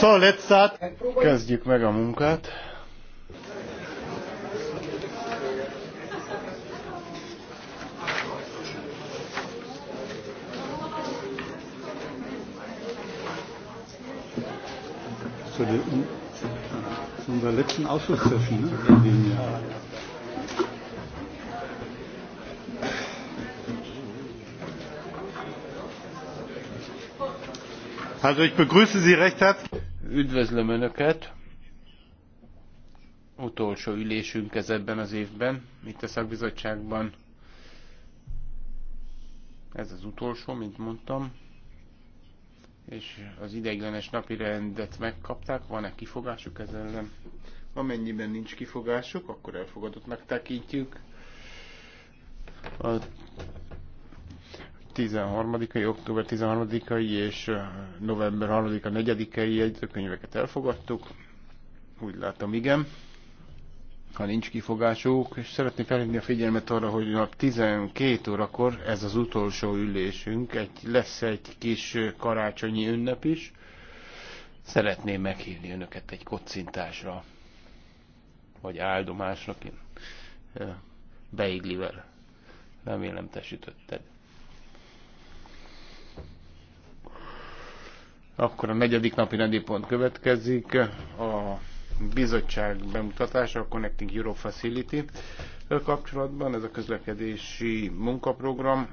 So, let's start. Kezdjük meg a munkát. Zu, den, zu unserer letzten Ausschusssession ne? in dem Jahr. Also ich begrüße Sie recht herzlich. Üdvözlöm Önöket! Utolsó ülésünk ez ebben az évben, itt a szakbizottságban. Ez az utolsó, mint mondtam. És az ideiglenes napi rendet megkapták. Van-e kifogásuk ez ellen? Amennyiben nincs kifogásuk, akkor elfogadottnak tekintjük. A 13-ai, október 13-ai és november 3-a, 4-ei jegyzőkönyveket elfogadtuk. Úgy látom, igen. Ha nincs kifogásuk, és szeretném felhívni a figyelmet arra, hogy a 12 órakor, ez az utolsó ülésünk, egy, lesz egy kis karácsonyi ünnep is. Szeretném meghívni önöket egy kocintásra, vagy áldomásra, beiglivel. Remélem te sütötted. Akkor a negyedik napi rendi pont következik, a bizottság bemutatása, a Connecting Euro Facility kapcsolatban, ez a közlekedési munkaprogram.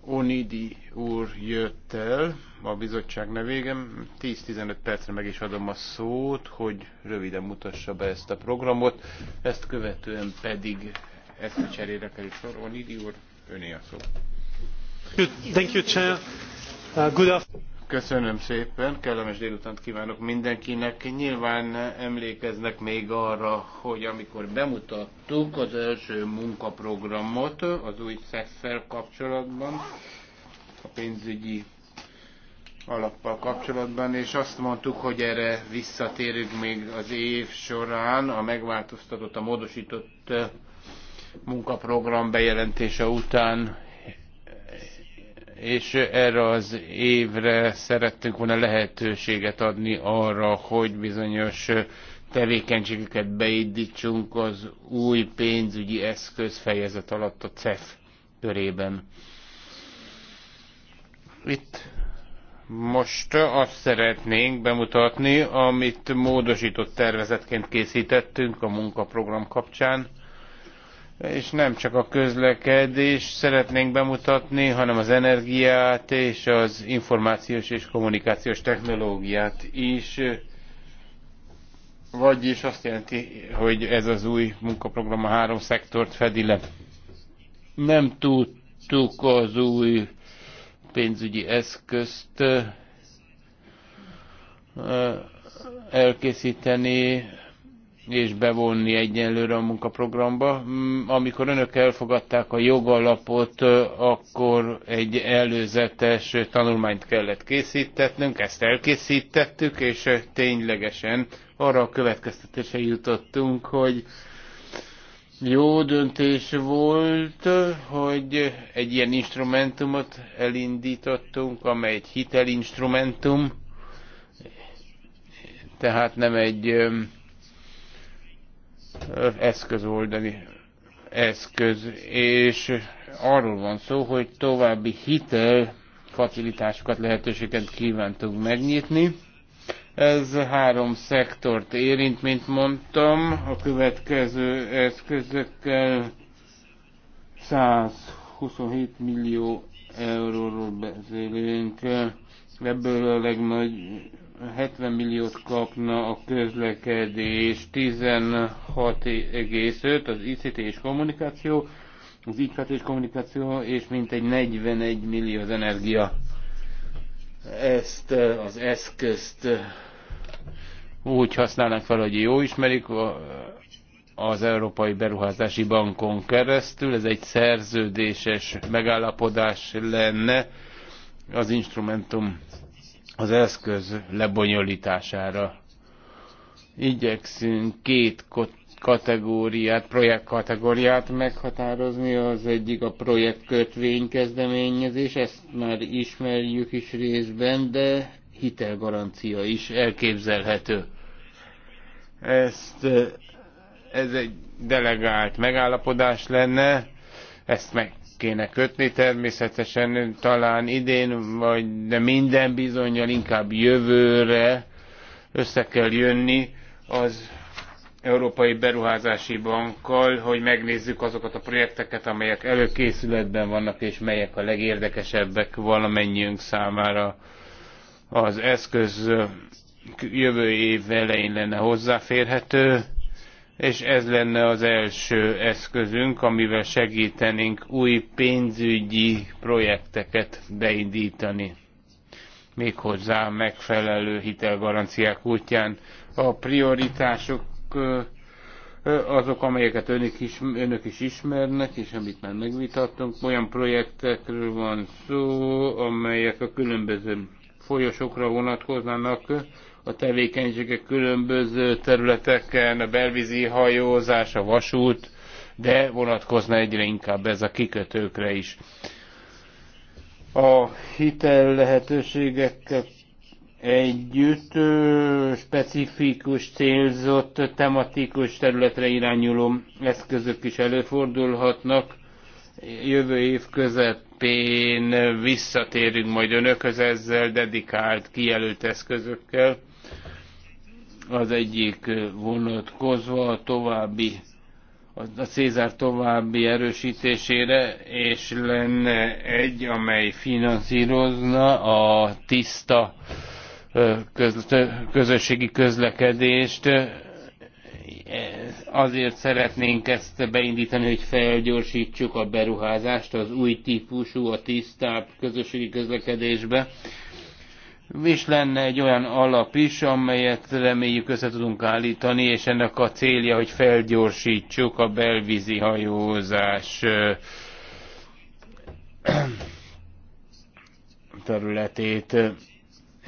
Onidi úr jött el a bizottság nevégem. 10-15 percre meg is adom a szót, hogy röviden mutassa be ezt a programot. Ezt követően pedig ezt a cserére kerül sor. Onidi úr, öné a szó. Thank you, Chair. Uh, Köszönöm szépen, kellemes délutánt kívánok mindenkinek. Nyilván emlékeznek még arra, hogy amikor bemutattuk az első munkaprogramot az új szexszel kapcsolatban, a pénzügyi alappal kapcsolatban, és azt mondtuk, hogy erre visszatérünk még az év során a megváltoztatott, a módosított munkaprogram bejelentése után, és erre az évre szerettünk volna lehetőséget adni arra, hogy bizonyos tevékenységeket beindítsunk az új pénzügyi eszköz fejezet alatt a CEF körében. Itt most azt szeretnénk bemutatni, amit módosított tervezetként készítettünk a munkaprogram kapcsán és nem csak a közlekedés szeretnénk bemutatni, hanem az energiát és az információs és kommunikációs technológiát is. Vagyis azt jelenti, hogy ez az új munkaprogram a három szektort fedi le. Nem tudtuk az új pénzügyi eszközt elkészíteni, és bevonni egyenlőre a munkaprogramba. Mm, amikor önök elfogadták a jogalapot, akkor egy előzetes tanulmányt kellett készítetnünk, ezt elkészítettük, és ténylegesen arra a következtetésre jutottunk, hogy jó döntés volt, hogy egy ilyen instrumentumot elindítottunk, amely egy hitelinstrumentum, tehát nem egy eszköz oldani eszköz, és arról van szó, hogy további hitel facilitásokat, lehetőséget kívántunk megnyitni. Ez három szektort érint, mint mondtam. A következő eszközökkel 127 millió euróról beszélünk. Ebből a legnagy 70 milliót kapna a közlekedés, 16,5 az ICT és kommunikáció, az IKT és kommunikáció, és mintegy 41 millió az energia. Ezt eh, az eszközt eh, úgy használnak fel, hogy jó ismerik az Európai Beruházási Bankon keresztül. Ez egy szerződéses megállapodás lenne az instrumentum az eszköz lebonyolítására. Igyekszünk két kategóriát, projektkategóriát meghatározni. Az egyik a projektkötvény kezdeményezés, ezt már ismerjük is részben, de hitelgarancia is elképzelhető. Ezt, ez egy delegált megállapodás lenne, ezt meg kéne kötni természetesen, talán idén, vagy de minden bizonyal inkább jövőre össze kell jönni az Európai Beruházási Bankkal, hogy megnézzük azokat a projekteket, amelyek előkészületben vannak, és melyek a legérdekesebbek valamennyiünk számára. Az eszköz jövő év elején lenne hozzáférhető és ez lenne az első eszközünk, amivel segítenénk új pénzügyi projekteket beindítani méghozzá megfelelő hitelgaranciák útján. A prioritások azok, amelyeket önök is, önök is ismernek, és amit már megvitattunk, olyan projektekről van szó, amelyek a különböző folyosokra vonatkoznának, a tevékenységek különböző területeken, a belvízi hajózás, a vasút, de vonatkozna egyre inkább ez a kikötőkre is. A hitel lehetőségekkel együtt specifikus, célzott, tematikus területre irányuló eszközök is előfordulhatnak. Jövő év közepén visszatérünk majd önökhöz ezzel dedikált, kijelölt eszközökkel az egyik vonatkozva a további a Cézár további erősítésére, és lenne egy, amely finanszírozna a tiszta közösségi közlekedést. Azért szeretnénk ezt beindítani, hogy felgyorsítsuk a beruházást az új típusú, a tisztább közösségi közlekedésbe, és lenne egy olyan alap is, amelyet reméljük össze tudunk állítani, és ennek a célja, hogy felgyorsítsuk a belvízi hajózás területét.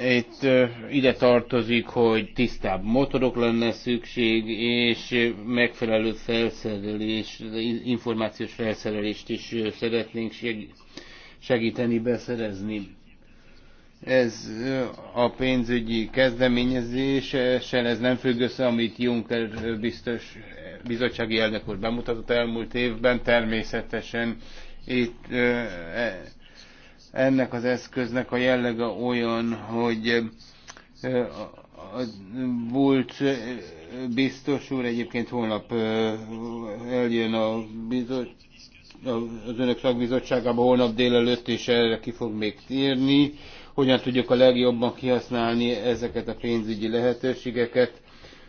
Itt ide tartozik, hogy tisztább motorok lenne szükség, és megfelelő felszerelés, információs felszerelést is szeretnénk segíteni beszerezni ez a pénzügyi kezdeményezéssel, ez nem függ össze, amit Juncker biztos bizottsági elnök úr bemutatott elmúlt évben, természetesen itt e, ennek az eszköznek a jellege olyan, hogy a Bulcs biztos úr egyébként holnap eljön a bizottság, az önök szakbizottságába holnap délelőtt, és erre ki fog még térni hogyan tudjuk a legjobban kihasználni ezeket a pénzügyi lehetőségeket,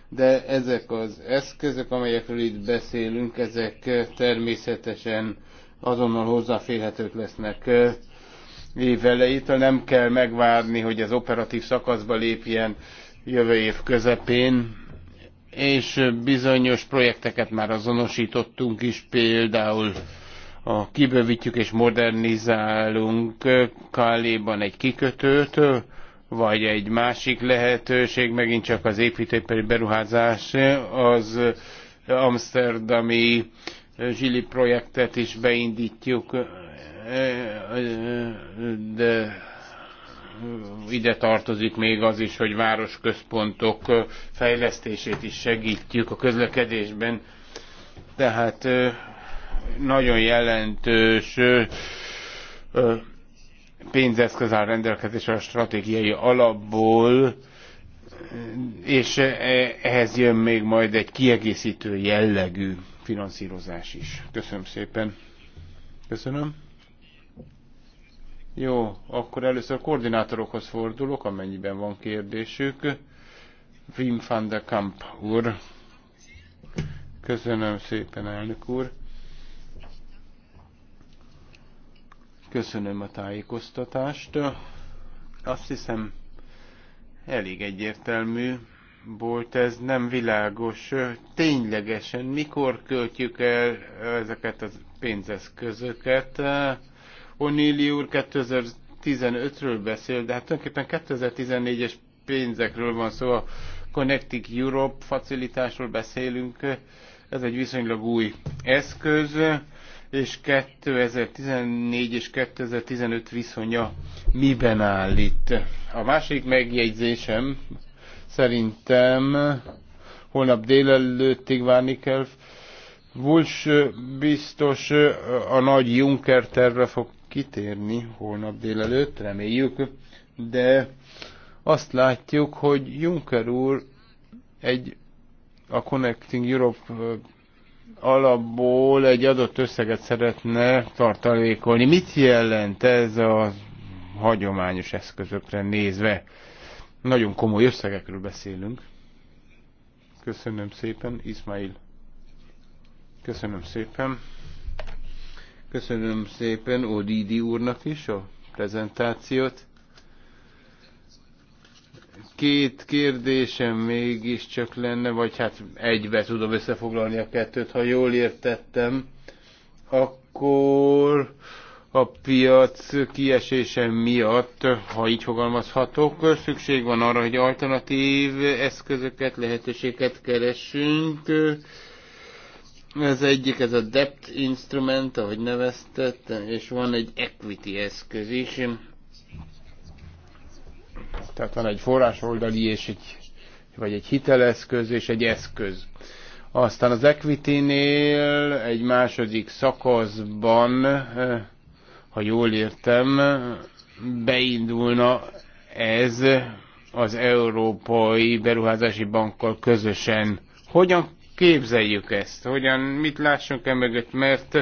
de ezek az eszközök, amelyekről itt beszélünk, ezek természetesen azonnal hozzáférhetők lesznek évelejétől. Nem kell megvárni, hogy az operatív szakaszba lépjen jövő év közepén, és bizonyos projekteket már azonosítottunk is, például a, kibővítjük és modernizálunk Kálléban egy kikötőt, vagy egy másik lehetőség, megint csak az építőipari beruházás, az amsterdami zsili projektet is beindítjuk, de ide tartozik még az is, hogy városközpontok fejlesztését is segítjük a közlekedésben. Tehát nagyon jelentős pénzeszköz áll rendelkezésre a stratégiai alapból, és ehhez jön még majd egy kiegészítő jellegű finanszírozás is. Köszönöm szépen. Köszönöm. Jó, akkor először a koordinátorokhoz fordulok, amennyiben van kérdésük. Wim van de Kamp úr. Köszönöm szépen, elnök úr. Köszönöm a tájékoztatást. Azt hiszem, elég egyértelmű volt ez, nem világos. Ténylegesen mikor költjük el ezeket a pénzeszközöket? Onéli úr 2015-ről beszél, de hát tulajdonképpen 2014-es pénzekről van szó, a Connecting Europe facilitásról beszélünk, ez egy viszonylag új eszköz, és 2014 és 2015 viszonya miben áll itt. A másik megjegyzésem szerintem holnap délelőttig várni kell. Vulcs biztos a nagy Juncker terve fog kitérni holnap délelőtt, reméljük, de azt látjuk, hogy Juncker úr egy a Connecting Europe alapból egy adott összeget szeretne tartalékolni. Mit jelent ez a hagyományos eszközökre nézve? Nagyon komoly összegekről beszélünk. Köszönöm szépen, Ismail. Köszönöm szépen. Köszönöm szépen Odidi úrnak is a prezentációt. Két kérdésem mégiscsak lenne, vagy hát egybe tudom összefoglalni a kettőt, ha jól értettem. Akkor a piac kiesése miatt, ha így fogalmazhatok, szükség van arra, hogy alternatív eszközöket, lehetőséget keressünk. Ez egyik, ez a debt instrument, ahogy neveztettem, és van egy equity eszköz is. Tehát van egy forrásoldali és egy, vagy egy hiteleszköz és egy eszköz. Aztán az Equity-nél egy második szakaszban, eh, ha jól értem, beindulna ez az Európai Beruházási Bankkal közösen. Hogyan képzeljük ezt? Hogyan, mit lássunk e mögött? Mert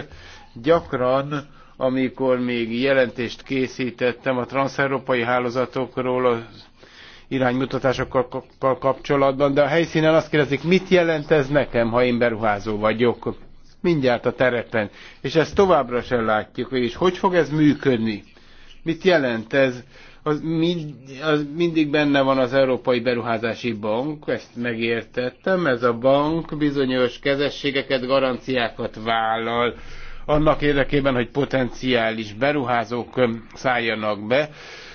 gyakran amikor még jelentést készítettem a transzeurópai hálózatokról az iránymutatásokkal kapcsolatban, de a helyszínen azt kérdezik, mit jelent ez nekem, ha én beruházó vagyok? Mindjárt a terepen. És ezt továbbra sem látjuk, és hogy fog ez működni? Mit jelent ez? Az, mind, az mindig benne van az Európai Beruházási Bank, ezt megértettem, ez a bank bizonyos kezességeket, garanciákat vállal annak érdekében, hogy potenciális beruházók szálljanak be.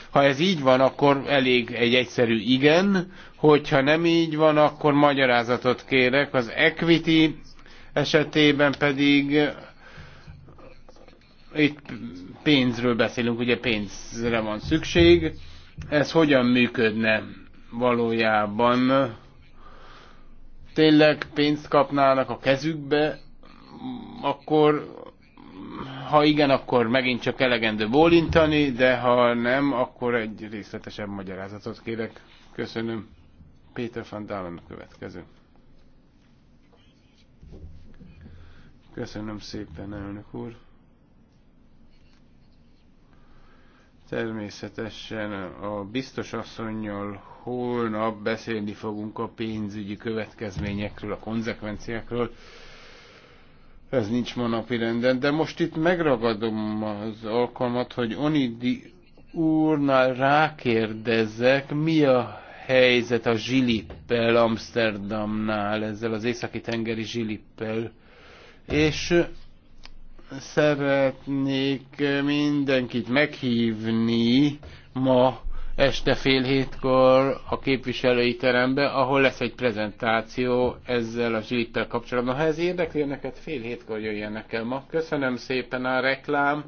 Ha ez így van, akkor elég egy egyszerű igen, hogyha nem így van, akkor magyarázatot kérek. Az equity esetében pedig itt pénzről beszélünk, ugye pénzre van szükség. Ez hogyan működne valójában? Tényleg pénzt kapnának a kezükbe, akkor ha igen, akkor megint csak elegendő bólintani, de ha nem, akkor egy részletesebb magyarázatot kérek. Köszönöm. Péter van Dalen következő. Köszönöm szépen, elnök úr. Természetesen a biztos asszonynal holnap beszélni fogunk a pénzügyi következményekről, a konzekvenciákról ez nincs ma renden, de most itt megragadom az alkalmat, hogy Onidi úrnál rákérdezzek, mi a helyzet a zsilippel Amsterdamnál, ezzel az északi tengeri zsilippel. És szeretnék mindenkit meghívni ma este fél hétkor a képviselői terembe, ahol lesz egy prezentáció ezzel a zsilittel kapcsolatban. Ha ez érdekli neked, fél hétkor jöjjenek el ma. Köszönöm szépen a reklám.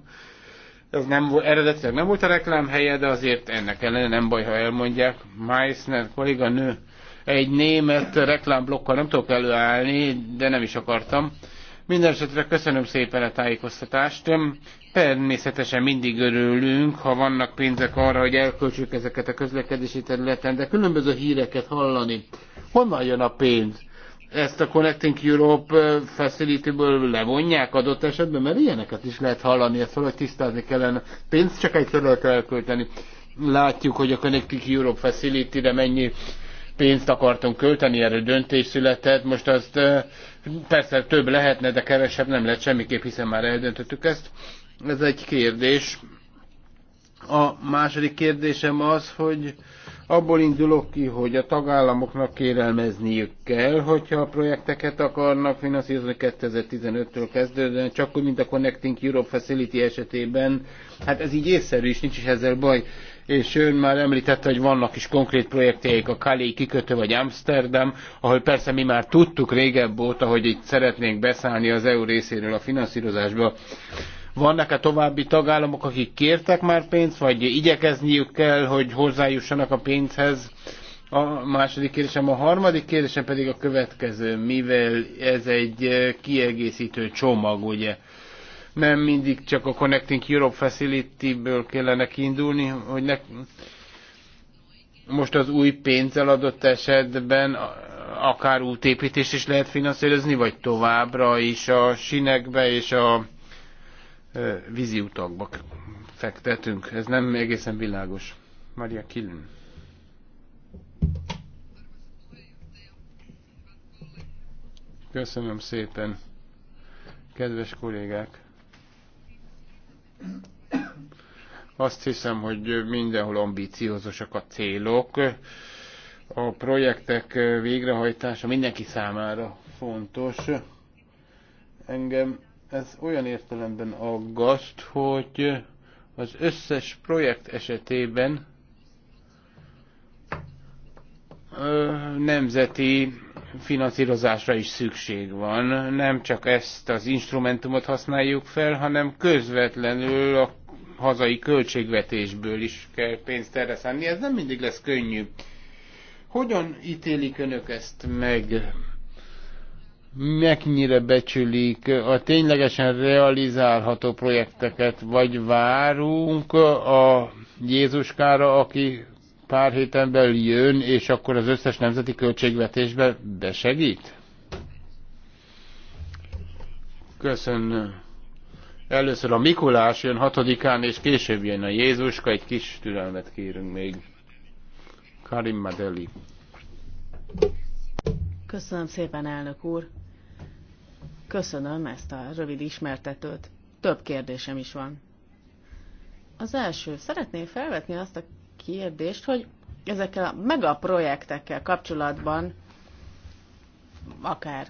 Ez nem, eredetileg nem volt a reklám helye, de azért ennek ellenére nem baj, ha elmondják. Meissner nő egy német reklámblokkal nem tudok előállni, de nem is akartam. Mindenesetre köszönöm szépen a tájékoztatást. Természetesen mindig örülünk, ha vannak pénzek arra, hogy elköltsük ezeket a közlekedési területen, de különböző híreket hallani. Honnan jön a pénz? Ezt a Connecting Europe eh, Facility-ből levonják adott esetben, mert ilyeneket is lehet hallani, ezt valahogy tisztázni kellene. Pénzt csak egy kell elkölteni. Látjuk, hogy a Connecting Europe Facility-re mennyi pénzt akartunk költeni, erre döntés született, most azt eh, persze több lehetne, de kevesebb nem lett semmiképp, hiszen már eldöntöttük ezt ez egy kérdés. A második kérdésem az, hogy abból indulok ki, hogy a tagállamoknak kérelmezniük kell, hogyha a projekteket akarnak finanszírozni 2015-től kezdődően, csak úgy, mint a Connecting Europe Facility esetében. Hát ez így észszerű, és nincs is ezzel baj. És ön már említette, hogy vannak is konkrét projektjeik, a Kali kikötő vagy Amsterdam, ahol persze mi már tudtuk régebb óta, hogy itt szeretnénk beszállni az EU részéről a finanszírozásba. Vannak-e további tagállamok, akik kértek már pénzt, vagy igyekezniük kell, hogy hozzájussanak a pénzhez? A második kérdésem, a harmadik kérdésem pedig a következő, mivel ez egy eh, kiegészítő csomag, ugye? Nem mindig csak a Connecting Europe Facility-ből kellene kiindulni, hogy ne... most az új pénzzel adott esetben akár útépítést is lehet finanszírozni, vagy továbbra is a sinekbe és a vízi utakba fektetünk. Ez nem egészen világos. Maria Killen. Köszönöm szépen, kedves kollégák! Azt hiszem, hogy mindenhol ambíciózosak a célok. A projektek végrehajtása mindenki számára fontos. Engem ez olyan értelemben aggaszt, hogy az összes projekt esetében nemzeti finanszírozásra is szükség van. Nem csak ezt az instrumentumot használjuk fel, hanem közvetlenül a hazai költségvetésből is kell pénzt erre szánni. Ez nem mindig lesz könnyű. Hogyan ítélik önök ezt meg? mennyire becsülik a ténylegesen realizálható projekteket, vagy várunk a Jézuskára, aki pár héten belül jön, és akkor az összes nemzeti költségvetésbe besegít? Köszönöm. Először a Mikulás jön hatodikán, és később jön a Jézuska. Egy kis türelmet kérünk még. Karim Madeli. Köszönöm szépen, elnök úr. Köszönöm ezt a rövid ismertetőt. Több kérdésem is van. Az első, szeretném felvetni azt a kérdést, hogy ezekkel a megaprojektekkel kapcsolatban, akár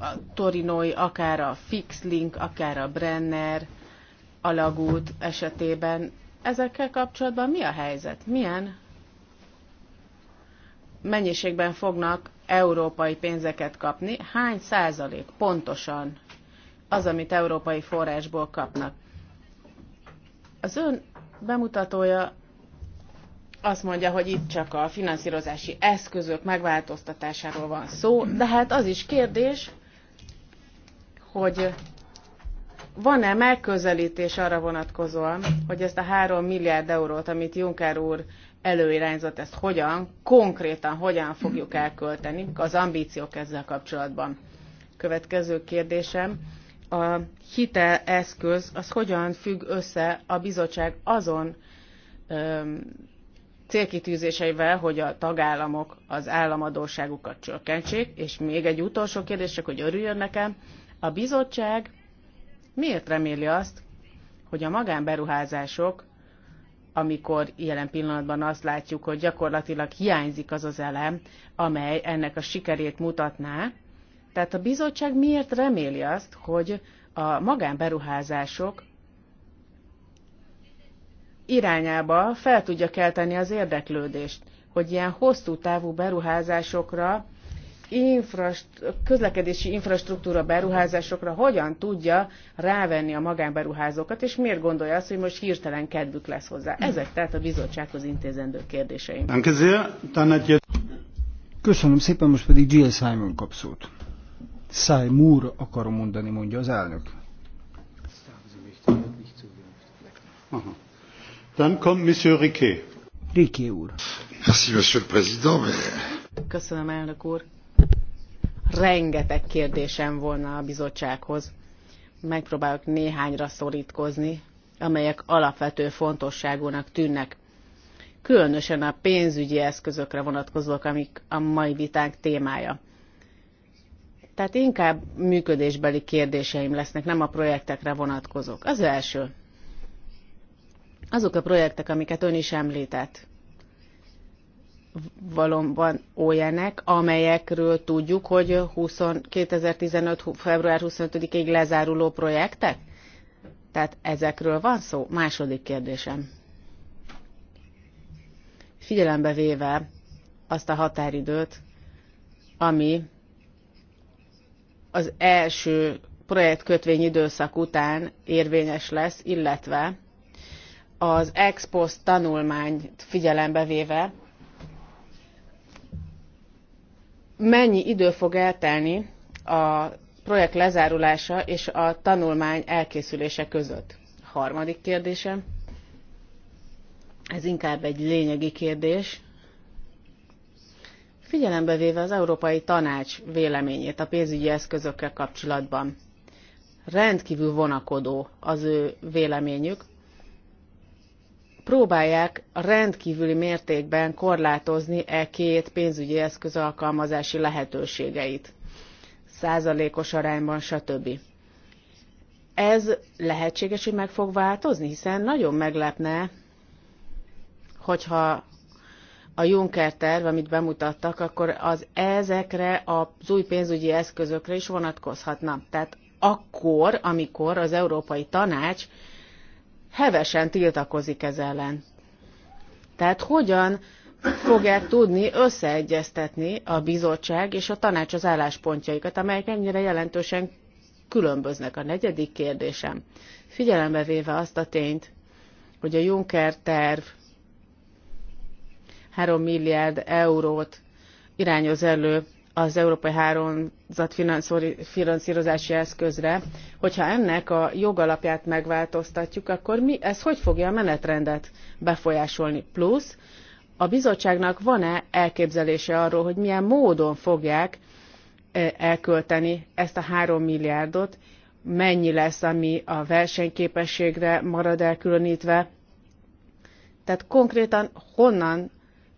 a Torinoi, akár a Fixlink, akár a Brenner alagút esetében, ezekkel kapcsolatban mi a helyzet? Milyen mennyiségben fognak európai pénzeket kapni, hány százalék pontosan az, amit európai forrásból kapnak. Az ön bemutatója azt mondja, hogy itt csak a finanszírozási eszközök megváltoztatásáról van szó, de hát az is kérdés, hogy van-e megközelítés arra vonatkozóan, hogy ezt a három milliárd eurót, amit Juncker úr előirányzat, ezt hogyan, konkrétan hogyan fogjuk elkölteni, az ambíciók ezzel kapcsolatban. Következő kérdésem, a hiteleszköz az hogyan függ össze a bizottság azon öm, célkitűzéseivel, hogy a tagállamok az államadóságukat csökkentsék, és még egy utolsó kérdés, csak hogy örüljön nekem, a bizottság miért reméli azt, hogy a magánberuházások amikor jelen pillanatban azt látjuk, hogy gyakorlatilag hiányzik az az elem, amely ennek a sikerét mutatná. Tehát a bizottság miért reméli azt, hogy a magánberuházások irányába fel tudja kelteni az érdeklődést, hogy ilyen hosszú távú beruházásokra infrast- közlekedési infrastruktúra beruházásokra hogyan tudja rávenni a magánberuházókat, és miért gondolja azt, hogy most hirtelen kedvük lesz hozzá. Ezek tehát a bizottsághoz intézendő kérdéseim. Köszönöm szépen, most pedig Jill Simon kap szót. Simon akarom mondani, mondja az elnök. Aha. Dann kommt Monsieur Riquet. Riquet úr. Merci, Monsieur le Président. Köszönöm, elnök úr rengeteg kérdésem volna a bizottsághoz. Megpróbálok néhányra szorítkozni, amelyek alapvető fontosságúnak tűnnek. Különösen a pénzügyi eszközökre vonatkozók, amik a mai vitánk témája. Tehát inkább működésbeli kérdéseim lesznek, nem a projektekre vonatkozók. Az első. Azok a projektek, amiket ön is említett, valóban olyanek, amelyekről tudjuk, hogy 20, 2015. február 25-ig lezáruló projektek? Tehát ezekről van szó? Második kérdésem. Figyelembe véve azt a határidőt, ami az első projektkötvény időszak után érvényes lesz, illetve az ex post tanulmányt figyelembe véve, mennyi idő fog eltelni a projekt lezárulása és a tanulmány elkészülése között? Harmadik kérdésem. Ez inkább egy lényegi kérdés. Figyelembe véve az Európai Tanács véleményét a pénzügyi eszközökkel kapcsolatban, rendkívül vonakodó az ő véleményük, próbálják rendkívüli mértékben korlátozni e két pénzügyi eszköz alkalmazási lehetőségeit, százalékos arányban, stb. Ez lehetséges, hogy meg fog változni, hiszen nagyon meglepne, hogyha a Juncker terv, amit bemutattak, akkor az ezekre az új pénzügyi eszközökre is vonatkozhatna. Tehát akkor, amikor az Európai Tanács hevesen tiltakozik ez ellen. Tehát hogyan fogják tudni összeegyeztetni a bizottság és a tanács az álláspontjaikat, amelyek ennyire jelentősen különböznek. A negyedik kérdésem, figyelembe véve azt a tényt, hogy a Juncker terv 3 milliárd eurót irányoz elő az Európai Háromzat finanszírozási eszközre, hogyha ennek a jogalapját megváltoztatjuk, akkor mi, ez hogy fogja a menetrendet befolyásolni? Plusz, a bizottságnak van-e elképzelése arról, hogy milyen módon fogják e, elkölteni ezt a három milliárdot, mennyi lesz, ami a versenyképességre marad elkülönítve. Tehát konkrétan honnan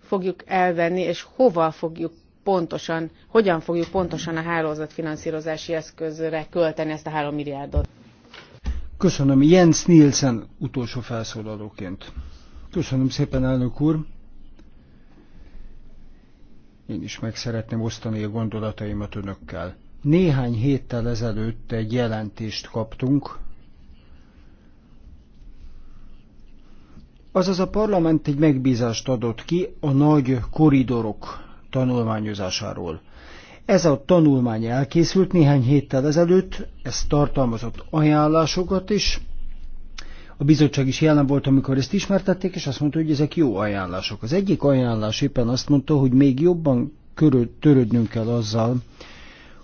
fogjuk elvenni, és hova fogjuk pontosan, hogyan fogjuk pontosan a hálózatfinanszírozási eszközre költeni ezt a három milliárdot. Köszönöm Jens Nielsen utolsó felszólalóként. Köszönöm szépen, elnök úr. Én is meg szeretném osztani a gondolataimat önökkel. Néhány héttel ezelőtt egy jelentést kaptunk, Azaz a parlament egy megbízást adott ki a nagy koridorok tanulmányozásáról. Ez a tanulmány elkészült néhány héttel ezelőtt, ez tartalmazott ajánlásokat is. A bizottság is jelen volt, amikor ezt ismertették, és azt mondta, hogy ezek jó ajánlások. Az egyik ajánlás éppen azt mondta, hogy még jobban körül, törődnünk kell azzal,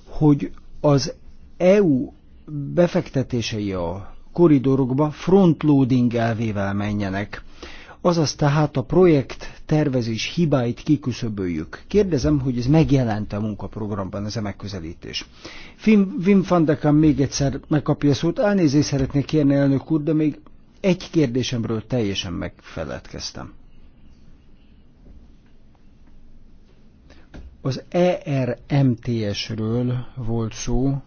hogy az EU befektetései a koridorokba frontloading elvével menjenek. Azaz tehát a projekt tervezés hibáit kiküszöböljük. Kérdezem, hogy ez megjelent a munkaprogramban ez a megközelítés. Wim van de Kamp még egyszer megkapja a szót. Elnézést szeretnék kérni, elnök úr, de még egy kérdésemről teljesen megfeledkeztem. Az ERMTS-ről volt szó,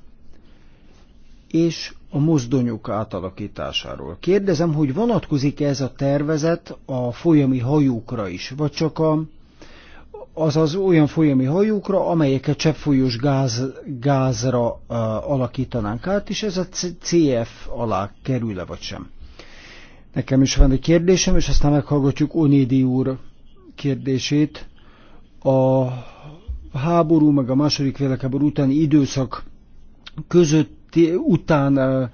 és a mozdonyok átalakításáról. Kérdezem, hogy vonatkozik -e ez a tervezet a folyami hajókra is, vagy csak a, az az olyan folyami hajókra, amelyeket cseppfolyós gáz, gázra uh, alakítanánk át, és ez a CF alá kerül-e vagy sem. Nekem is van egy kérdésem, és aztán meghallgatjuk Onédi úr kérdését. A háború meg a második világháború utáni időszak között után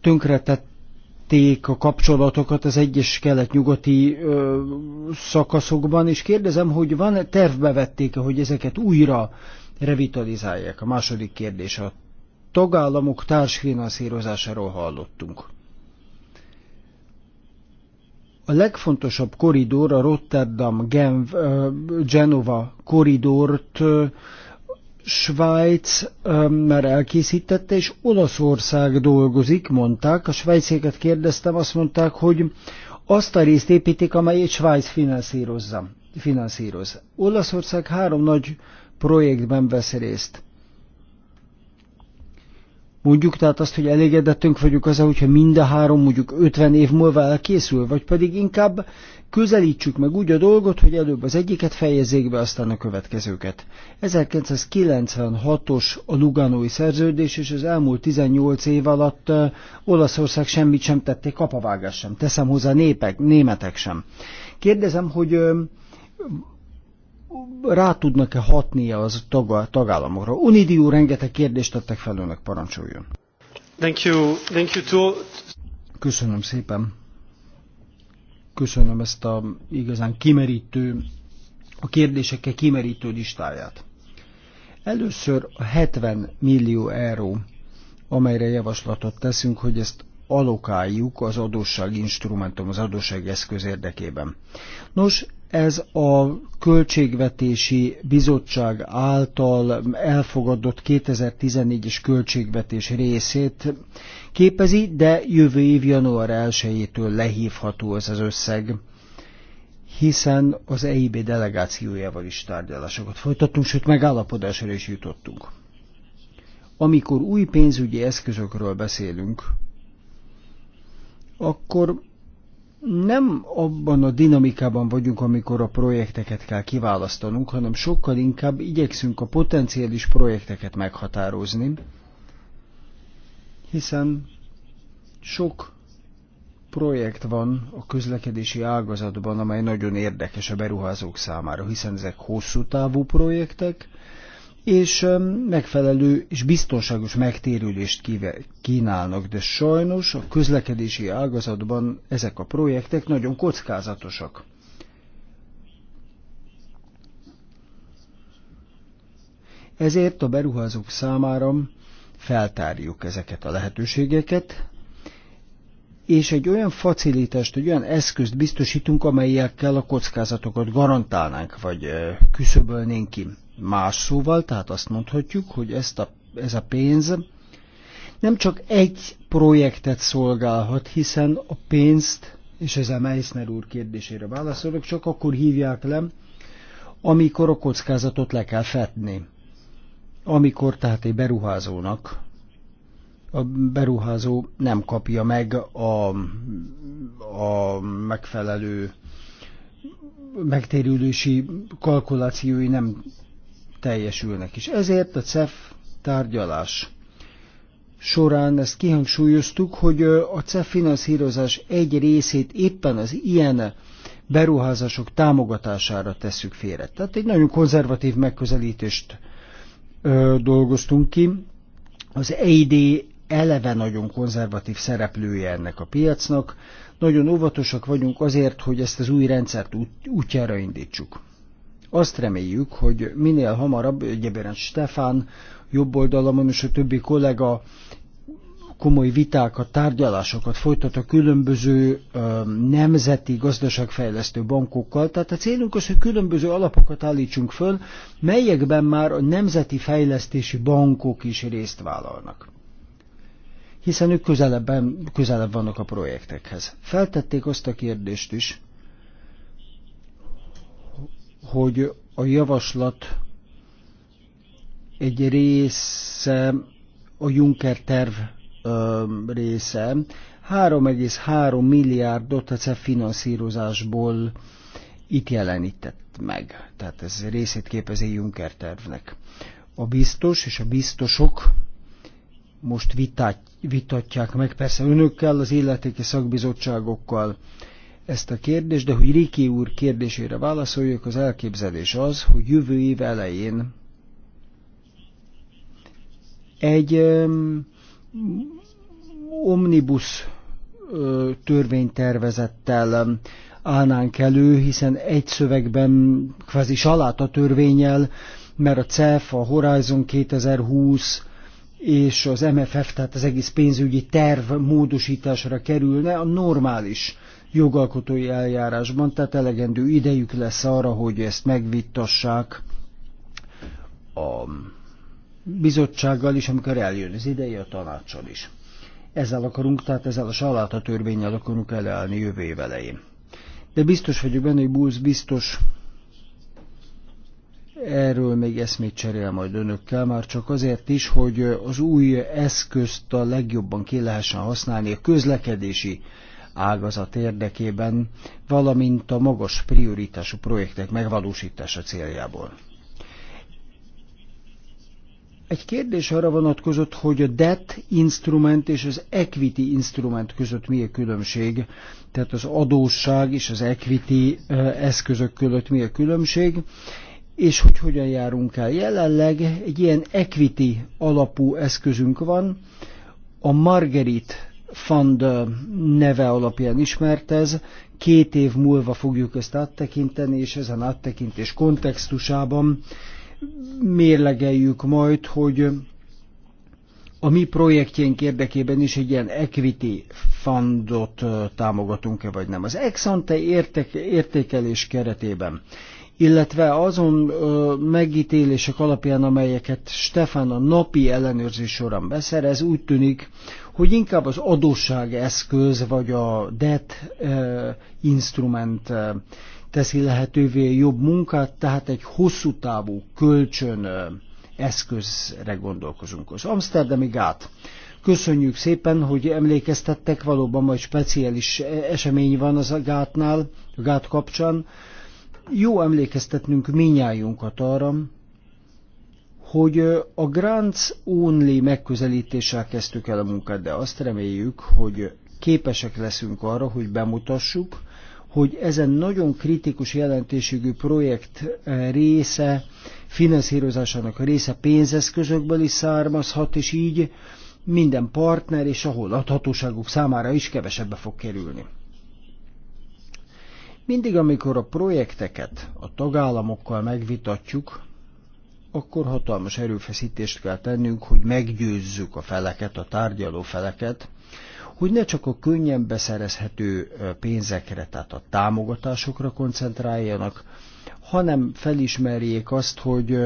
tönkretették a kapcsolatokat az egyes kelet-nyugati szakaszokban, és kérdezem, hogy van tervbe vették-e, hogy ezeket újra revitalizálják? A második kérdés a tagállamok társfinanszírozásáról hallottunk. A legfontosabb koridor a Rotterdam-Genova koridort Svájc már elkészítette, és Olaszország dolgozik, mondták. A svájcéket kérdeztem, azt mondták, hogy azt a részt építik, amelyet Svájc finanszírozza. finanszíroz. Olaszország három nagy projektben vesz részt. Mondjuk tehát azt, hogy elégedettünk vagyunk azzal, hogyha mind a három mondjuk 50 év múlva elkészül, vagy pedig inkább Közelítsük meg úgy a dolgot, hogy előbb az egyiket fejezzék be, aztán a következőket. 1996-os a Luganói szerződés, és az elmúlt 18 év alatt Olaszország semmit sem tették, kapavágás sem. Teszem hozzá népek, németek sem. Kérdezem, hogy rá tudnak-e hatni az tagállamokra? Unidió rengeteg kérdést tettek fel önök, parancsoljon. Thank you. Thank you to... Köszönöm szépen. Köszönöm ezt a igazán kimerítő, a kérdésekkel kimerítő listáját. Először a 70 millió euró, amelyre javaslatot teszünk, hogy ezt alokáljuk az instrumentum, az eszköz érdekében. Nos, ez a Költségvetési Bizottság által elfogadott 2014-es költségvetés részét képezi, de jövő év január 1-től lehívható ez az összeg, hiszen az EIB delegációjával is tárgyalásokat folytattunk, sőt megállapodásra is jutottunk. Amikor új pénzügyi eszközökről beszélünk, akkor nem abban a dinamikában vagyunk, amikor a projekteket kell kiválasztanunk, hanem sokkal inkább igyekszünk a potenciális projekteket meghatározni, hiszen sok projekt van a közlekedési ágazatban, amely nagyon érdekes a beruházók számára, hiszen ezek hosszú távú projektek, és um, megfelelő és biztonságos megtérülést kínálnak, de sajnos a közlekedési ágazatban ezek a projektek nagyon kockázatosak. Ezért a beruházók számára feltárjuk ezeket a lehetőségeket, és egy olyan facilitást, egy olyan eszközt biztosítunk, amelyekkel a kockázatokat garantálnánk, vagy küszöbölnénk ki. Más szóval, tehát azt mondhatjuk, hogy ezt a, ez a pénz nem csak egy projektet szolgálhat, hiszen a pénzt, és ezzel Meissner úr kérdésére válaszolok, csak akkor hívják le, amikor a kockázatot le kell fedni. Amikor tehát egy beruházónak a beruházó nem kapja meg a, a megfelelő megtérülési kalkulációi nem teljesülnek. És ezért a CEF tárgyalás során ezt kihangsúlyoztuk, hogy a CEF finanszírozás egy részét éppen az ilyen beruházások támogatására tesszük félre. Tehát egy nagyon konzervatív megközelítést dolgoztunk ki. Az EID eleve nagyon konzervatív szereplője ennek a piacnak. Nagyon óvatosak vagyunk azért, hogy ezt az új rendszert útjára indítsuk. Azt reméljük, hogy minél hamarabb, egyébként Stefán jobb oldalamon és a többi kollega komoly vitákat, tárgyalásokat folytat a különböző nemzeti gazdaságfejlesztő bankokkal. Tehát a célunk az, hogy különböző alapokat állítsunk föl, melyekben már a nemzeti fejlesztési bankok is részt vállalnak hiszen ők közelebb, közelebb vannak a projektekhez. Feltették azt a kérdést is, hogy a javaslat egy része a Juncker terv része 3,3 milliárdot a CEF finanszírozásból itt jelenített meg. Tehát ez részét képezi Juncker tervnek. A biztos és a biztosok most vitát, vitatják meg, persze önökkel, az illetéki szakbizottságokkal ezt a kérdést, de hogy Riki úr kérdésére válaszoljuk, az elképzelés az, hogy jövő év elején egy um, omnibus törvénytervezettel állnánk elő, hiszen egy szövegben kvázi saláta törvényel, mert a CEF, a Horizon 2020 és az MFF, tehát az egész pénzügyi terv módosításra kerülne a normális jogalkotói eljárásban, tehát elegendő idejük lesz arra, hogy ezt megvittassák a bizottsággal is, amikor eljön az ideje, a tanácssal is. Ezzel akarunk, tehát ezzel a saláta törvényel akarunk elállni jövő év elején. De biztos vagyok benne, hogy Bulls biztos erről még eszmét cserél majd önökkel, már csak azért is, hogy az új eszközt a legjobban ki lehessen használni a közlekedési ágazat érdekében, valamint a magas prioritású projektek megvalósítása céljából. Egy kérdés arra vonatkozott, hogy a debt instrument és az equity instrument között mi a különbség, tehát az adósság és az equity eh, eszközök között mi a különbség, és hogy hogyan járunk el. Jelenleg egy ilyen equity alapú eszközünk van, a Margarit Fund eh, neve alapján ismert ez, két év múlva fogjuk ezt áttekinteni, és ezen áttekintés kontextusában mérlegeljük majd, hogy a mi projektjénk érdekében is egy ilyen equity fundot támogatunk-e vagy nem. Az ex-ante értékelés keretében, illetve azon megítélések alapján, amelyeket Stefan a napi ellenőrzés során beszerez, úgy tűnik, hogy inkább az eszköz vagy a debt instrument teszi lehetővé jobb munkát, tehát egy hosszú távú kölcsön eszközre gondolkozunk. Az Amsterdami gát. Köszönjük szépen, hogy emlékeztettek, valóban majd speciális e- esemény van az a gátnál, a gát kapcsán. Jó emlékeztetnünk minnyájunkat arra, hogy a Grants Only megközelítéssel kezdtük el a munkát, de azt reméljük, hogy képesek leszünk arra, hogy bemutassuk, hogy ezen nagyon kritikus jelentőségű projekt eh, része, finanszírozásának a része pénzeszközökből is származhat, és így minden partner és ahol adhatóságuk számára is kevesebbe fog kerülni. Mindig, amikor a projekteket a tagállamokkal megvitatjuk, akkor hatalmas erőfeszítést kell tennünk, hogy meggyőzzük a feleket, a tárgyaló feleket, hogy ne csak a könnyen beszerezhető pénzekre, tehát a támogatásokra koncentráljanak, hanem felismerjék azt, hogy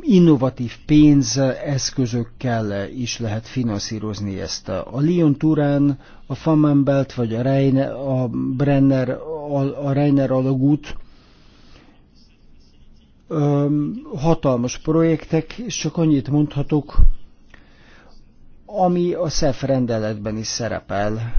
innovatív pénzeszközökkel is lehet finanszírozni ezt. A Lyon Turán, a Famenbelt vagy a, Reiner, a Brenner, a Reiner alagút hatalmas projektek, és csak annyit mondhatok, ami a SZEF rendeletben is szerepel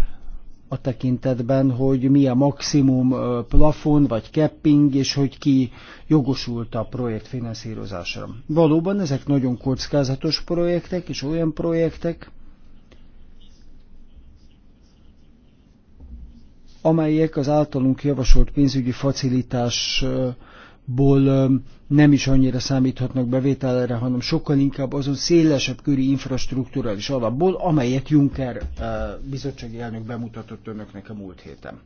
a tekintetben, hogy mi a maximum plafon vagy capping, és hogy ki jogosult a projekt finanszírozásra. Valóban ezek nagyon kockázatos projektek, és olyan projektek, amelyek az általunk javasolt pénzügyi facilitásból nem is annyira számíthatnak bevételre, hanem sokkal inkább azon szélesebb körű infrastruktúrális alapból, amelyet Juncker eh, bizottsági elnök bemutatott önöknek a múlt héten.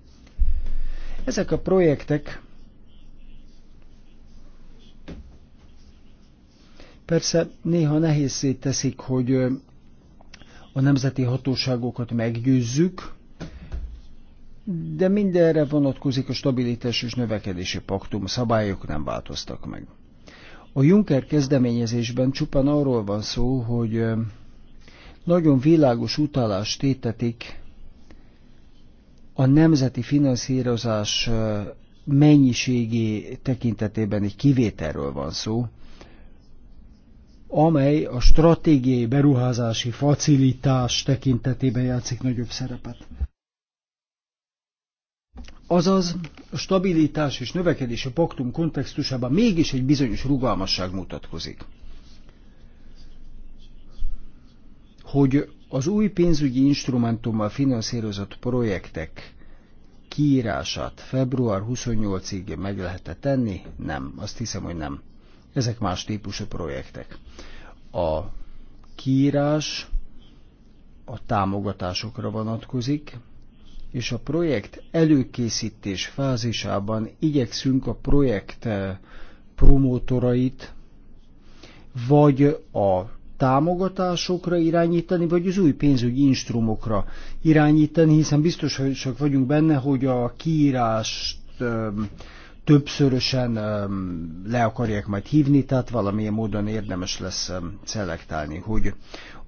Ezek a projektek persze néha nehézé teszik, hogy eh, a nemzeti hatóságokat meggyőzzük, de mindenre vonatkozik a stabilitás és növekedési paktum, szabályok nem változtak meg. A Juncker kezdeményezésben csupán arról van szó, hogy nagyon világos utalást tétetik a nemzeti finanszírozás mennyiségi tekintetében egy kivételről van szó, amely a stratégiai beruházási facilitás tekintetében játszik nagyobb szerepet. Azaz, a stabilitás és növekedési paktum kontextusában mégis egy bizonyos rugalmasság mutatkozik. Hogy az új pénzügyi instrumentummal finanszírozott projektek kiírását február 28-ig meg lehetett tenni? Nem, azt hiszem, hogy nem. Ezek más típusú projektek. A kiírás a támogatásokra vonatkozik, és a projekt előkészítés fázisában igyekszünk a projekt eh, promótorait vagy a támogatásokra irányítani, vagy az új pénzügyi instrumokra irányítani, hiszen biztosak vagyunk benne, hogy a kiírást eh, többszörösen eh, le akarják majd hívni, tehát valamilyen módon érdemes lesz szelektálni, hogy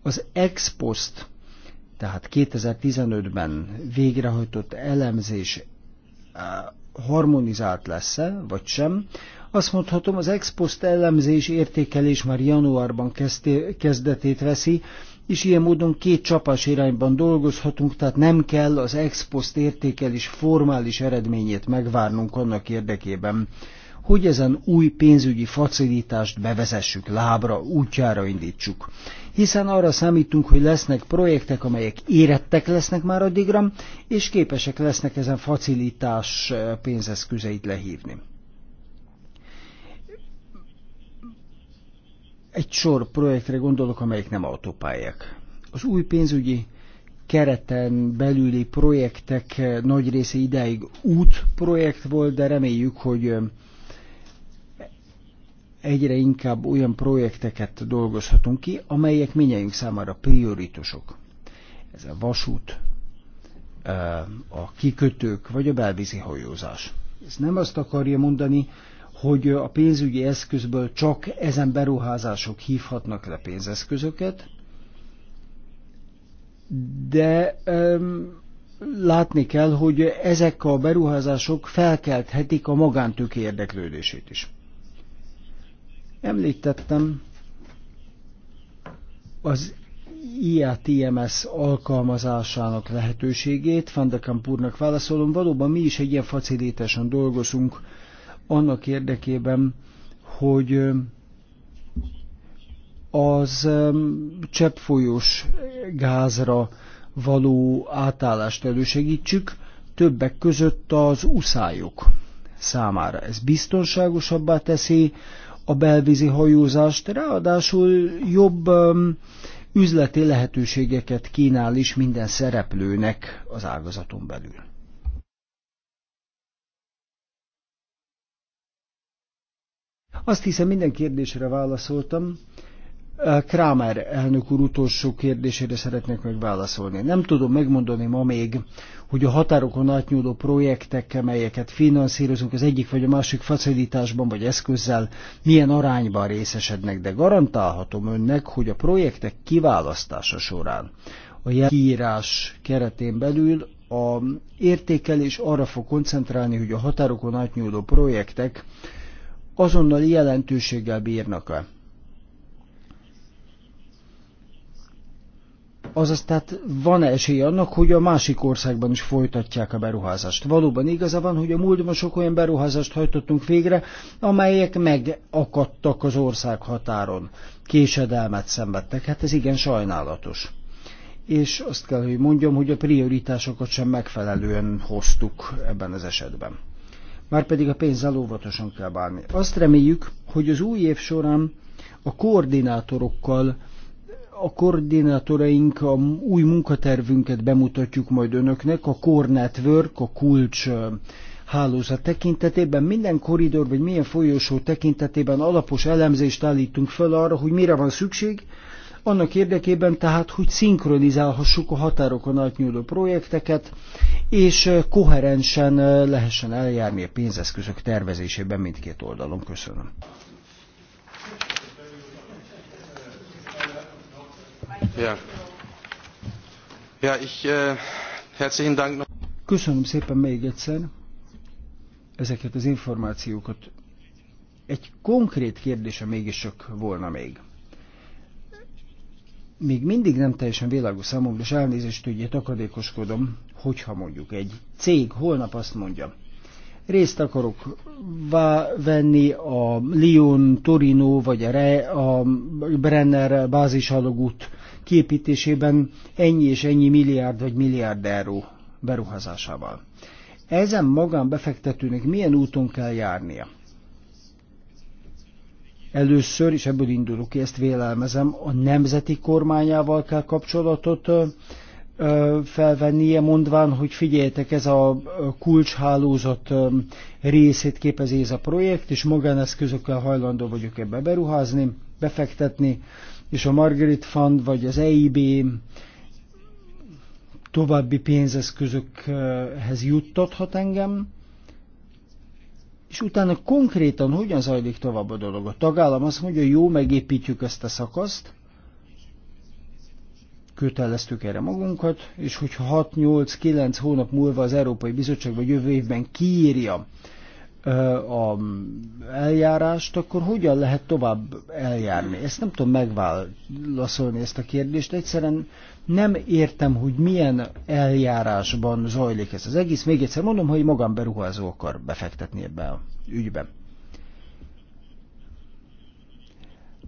az ex post tehát 2015-ben végrehajtott elemzés harmonizált lesz-e, vagy sem. Azt mondhatom, az ex post elemzés értékelés már januárban kezdetét veszi, és ilyen módon két csapás irányban dolgozhatunk, tehát nem kell az ex post értékelés formális eredményét megvárnunk annak érdekében, hogy ezen új pénzügyi facilitást bevezessük lábra, útjára indítsuk hiszen arra számítunk, hogy lesznek projektek, amelyek érettek lesznek már addigra, és képesek lesznek ezen facilitás pénzeszközeit lehívni. Egy sor projektre gondolok, amelyek nem autópályák. Az új pénzügyi kereten belüli projektek nagy része idáig útprojekt volt, de reméljük, hogy egyre inkább olyan projekteket dolgozhatunk ki, amelyek minnyájunk számára prioritosok. Ez a vasút, a kikötők vagy a belvízi hajózás. Ez nem azt akarja mondani, hogy a pénzügyi eszközből csak ezen beruházások hívhatnak le pénzeszközöket, de um, látni kell, hogy ezek a beruházások felkelthetik a magántők érdeklődését is. Említettem az IATMS alkalmazásának lehetőségét. Van de Kampurnak válaszolom, valóban mi is egy ilyen facilitáson dolgozunk annak érdekében, hogy az cseppfolyós gázra való átállást elősegítsük, többek között az uszályok számára. Ez biztonságosabbá teszi a belvízi hajózást, ráadásul jobb üzleti lehetőségeket kínál is minden szereplőnek az ágazaton belül. Azt hiszem minden kérdésre válaszoltam. Krámer elnök úr utolsó kérdésére szeretnék megválaszolni. Nem tudom megmondani ma még, hogy a határokon átnyúló projektek, melyeket finanszírozunk az egyik vagy a másik facilitásban vagy eszközzel, milyen arányban részesednek, de garantálhatom önnek, hogy a projektek kiválasztása során a kiírás keretén belül a értékelés arra fog koncentrálni, hogy a határokon átnyúló projektek azonnal jelentőséggel bírnak-e Azaz, tehát van -e esély annak, hogy a másik országban is folytatják a beruházást? Valóban igaza van, hogy a múltban sok olyan beruházást hajtottunk végre, amelyek megakadtak az ország határon, késedelmet szenvedtek. Hát ez igen sajnálatos. És azt kell, hogy mondjam, hogy a prioritásokat sem megfelelően hoztuk ebben az esetben. Márpedig a pénzzel óvatosan kell bánni. Azt reméljük, hogy az új év során a koordinátorokkal a koordinátoraink a új munkatervünket bemutatjuk majd önöknek, a Core Network, a kulcs hálózat tekintetében, minden koridor vagy milyen folyosó tekintetében alapos elemzést állítunk fel arra, hogy mire van szükség, annak érdekében tehát, hogy szinkronizálhassuk a határokon átnyúló projekteket, és koherensen lehessen eljárni a pénzeszközök tervezésében mindkét oldalon. Köszönöm. Äh, Köszönöm szépen még egyszer ezeket az információkat. Egy konkrét kérdése mégis sok volna még. Még mindig nem teljesen világos számomra, és elnézést, hogy takadékoskodom, hogyha mondjuk egy cég holnap azt mondja, részt akarok venni a Lyon, Torino vagy a, Re, a Brenner bázisalagút kiépítésében ennyi és ennyi milliárd vagy milliárd euró beruházásával. Ezen magánbefektetőnek milyen úton kell járnia? Először, és ebből indulok ki, ezt vélelmezem, a nemzeti kormányával kell kapcsolatot felvennie, mondván, hogy figyeljetek, ez a kulcshálózat részét képezi ez a projekt, és magáneszközökkel hajlandó vagyok ebbe beruházni, befektetni és a Margaret Fund vagy az EIB további pénzeszközökhez juttathat engem, és utána konkrétan hogyan zajlik tovább a dolog? A tagállam azt mondja, hogy jó, megépítjük ezt a szakaszt, köteleztük erre magunkat, és hogyha 6-8-9 hónap múlva az Európai Bizottság vagy jövő évben kiírja a eljárást, akkor hogyan lehet tovább eljárni? Ezt nem tudom megválaszolni ezt a kérdést. Egyszerűen nem értem, hogy milyen eljárásban zajlik ez az egész. Még egyszer mondom, hogy beruházó akar befektetni ebbe a ügybe.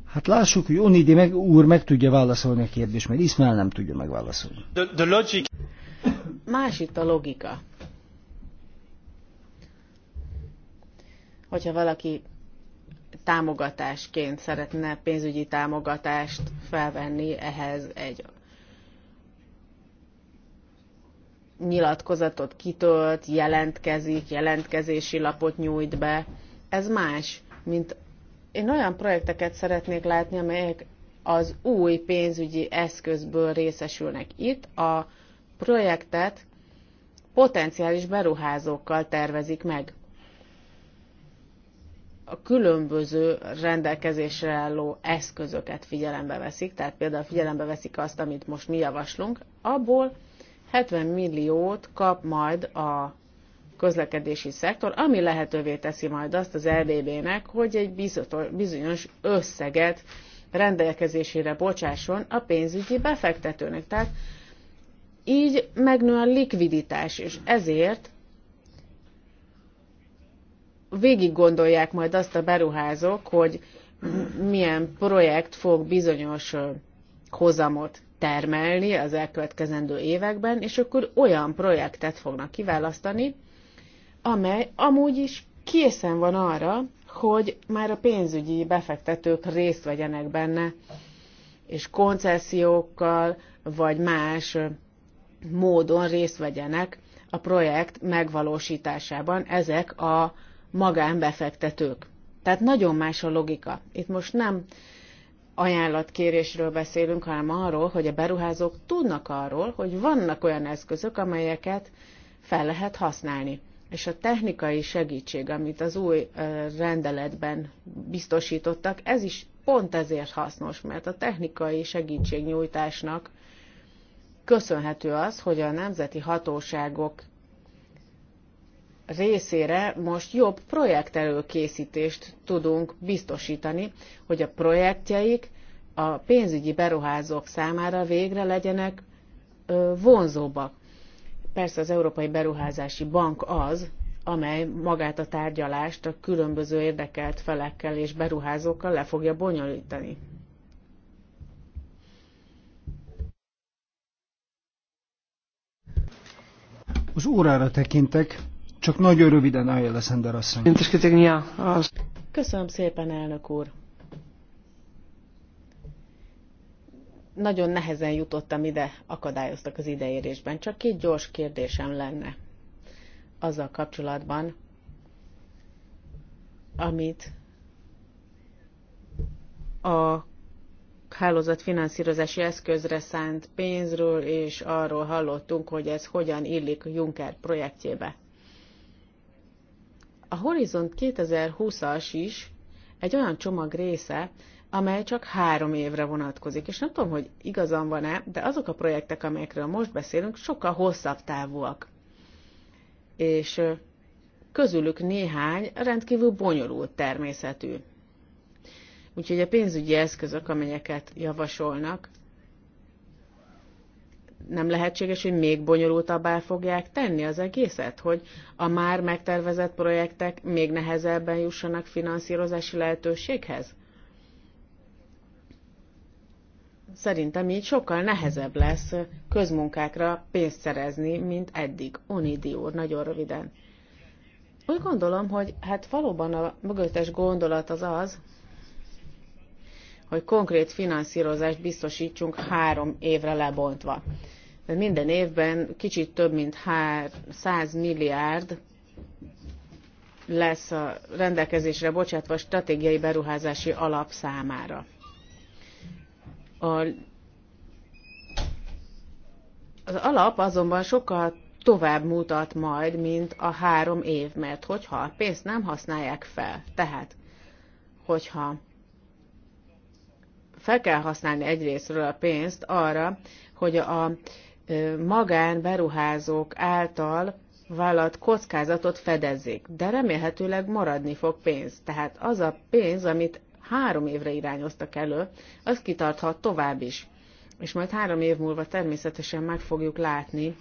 Hát lássuk, hogy Onidi meg, úr meg tudja válaszolni a kérdést, mert Ismail nem tudja megválaszolni. The, the logic... Más itt a logika. hogyha valaki támogatásként szeretne pénzügyi támogatást felvenni ehhez egy nyilatkozatot kitölt, jelentkezik, jelentkezési lapot nyújt be. Ez más, mint én olyan projekteket szeretnék látni, amelyek az új pénzügyi eszközből részesülnek. Itt a projektet potenciális beruházókkal tervezik meg a különböző rendelkezésre álló eszközöket figyelembe veszik, tehát például figyelembe veszik azt, amit most mi javaslunk, abból 70 milliót kap majd a közlekedési szektor, ami lehetővé teszi majd azt az LDB-nek, hogy egy bizonyos összeget rendelkezésére bocsásson a pénzügyi befektetőnek. Tehát így megnő a likviditás, és ezért végig gondolják majd azt a beruházók, hogy milyen projekt fog bizonyos hozamot termelni az elkövetkezendő években, és akkor olyan projektet fognak kiválasztani, amely amúgy is készen van arra, hogy már a pénzügyi befektetők részt vegyenek benne, és koncesziókkal vagy más módon részt vegyenek a projekt megvalósításában ezek a magánbefektetők. Tehát nagyon más a logika. Itt most nem ajánlatkérésről beszélünk, hanem arról, hogy a beruházók tudnak arról, hogy vannak olyan eszközök, amelyeket fel lehet használni. És a technikai segítség, amit az új rendeletben biztosítottak, ez is pont ezért hasznos, mert a technikai segítségnyújtásnak köszönhető az, hogy a nemzeti hatóságok részére most jobb projektelőkészítést tudunk biztosítani, hogy a projektjeik a pénzügyi beruházók számára végre legyenek vonzóbbak. Persze az Európai Beruházási Bank az, amely magát a tárgyalást a különböző érdekelt felekkel és beruházókkal le fogja bonyolítani. Az órára tekintek, csak nagyon röviden állja le Szender asszony. Köszönöm szépen, elnök úr. Nagyon nehezen jutottam ide, akadályoztak az ideérésben. Csak két gyors kérdésem lenne azzal kapcsolatban, amit a hálózat finanszírozási eszközre szánt pénzről, és arról hallottunk, hogy ez hogyan illik Juncker projektjébe. A Horizont 2020-as is egy olyan csomag része, amely csak három évre vonatkozik. És nem tudom, hogy igazam van-e, de azok a projektek, amelyekről most beszélünk, sokkal hosszabb távúak. És közülük néhány rendkívül bonyolult természetű. Úgyhogy a pénzügyi eszközök, amelyeket javasolnak, nem lehetséges, hogy még bonyolultabbá fogják tenni az egészet, hogy a már megtervezett projektek még nehezebben jussanak finanszírozási lehetőséghez? Szerintem így sokkal nehezebb lesz közmunkákra pénzt szerezni, mint eddig. Onidi úr, nagyon röviden. Úgy gondolom, hogy hát valóban a mögöttes gondolat az az, hogy konkrét finanszírozást biztosítsunk három évre lebontva minden évben kicsit több mint 100 milliárd lesz a rendelkezésre bocsátva a stratégiai beruházási alap számára. A, az alap azonban sokkal tovább mutat majd, mint a három év, mert hogyha a pénzt nem használják fel, tehát hogyha fel kell használni egyrésztről a pénzt arra, hogy a magán beruházók által vállalt kockázatot fedezzék, de remélhetőleg maradni fog pénz. Tehát az a pénz, amit három évre irányoztak elő, az kitarthat tovább is. És majd három év múlva természetesen meg fogjuk látni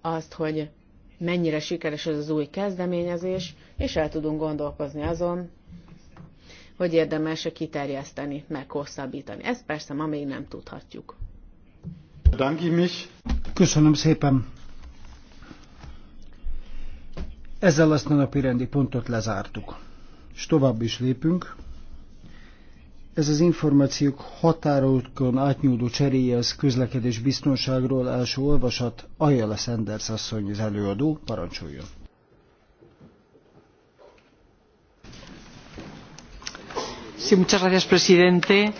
azt, hogy mennyire sikeres ez az új kezdeményezés, és el tudunk gondolkozni azon, hogy érdemes-e kiterjeszteni, meghosszabbítani. Ezt persze ma még nem tudhatjuk. Köszönöm szépen. Ezzel azt a napi rendi pontot lezártuk. És tovább is lépünk. Ez az információk határokon átnyúló cseréje az közlekedés biztonságról első olvasat. Ajala Sanders asszony az előadó, parancsoljon. Sí, muchas gracias, presidente.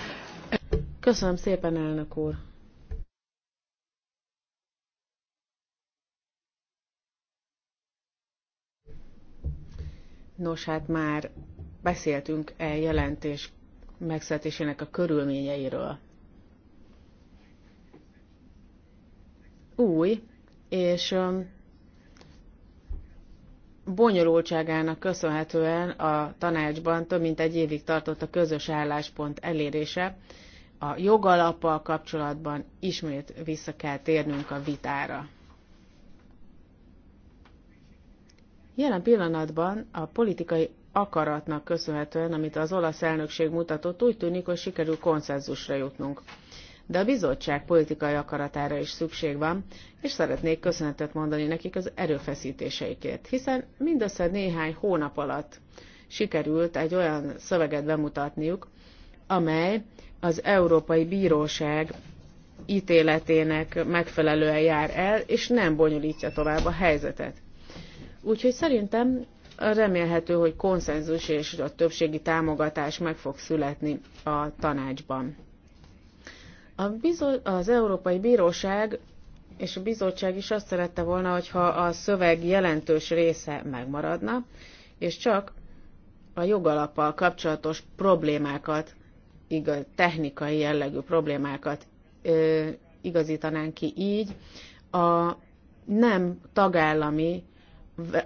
Köszönöm szépen, elnök úr. Nos, hát már beszéltünk e jelentés megszületésének a körülményeiről. Új, és bonyolultságának köszönhetően a tanácsban több mint egy évig tartott a közös álláspont elérése. A jogalappal kapcsolatban ismét vissza kell térnünk a vitára. Jelen pillanatban a politikai akaratnak köszönhetően, amit az olasz elnökség mutatott, úgy tűnik, hogy sikerül konszenzusra jutnunk. De a bizottság politikai akaratára is szükség van, és szeretnék köszönetet mondani nekik az erőfeszítéseikért, hiszen mindössze néhány hónap alatt sikerült egy olyan szöveget bemutatniuk, amely az Európai Bíróság ítéletének megfelelően jár el, és nem bonyolítja tovább a helyzetet. Úgyhogy szerintem remélhető, hogy konszenzus és a többségi támogatás meg fog születni a tanácsban. A az Európai Bíróság és a bizottság is azt szerette volna, hogyha a szöveg jelentős része megmaradna, és csak a jogalappal kapcsolatos problémákat, igaz, technikai jellegű problémákat ö, igazítanánk ki így, a nem tagállami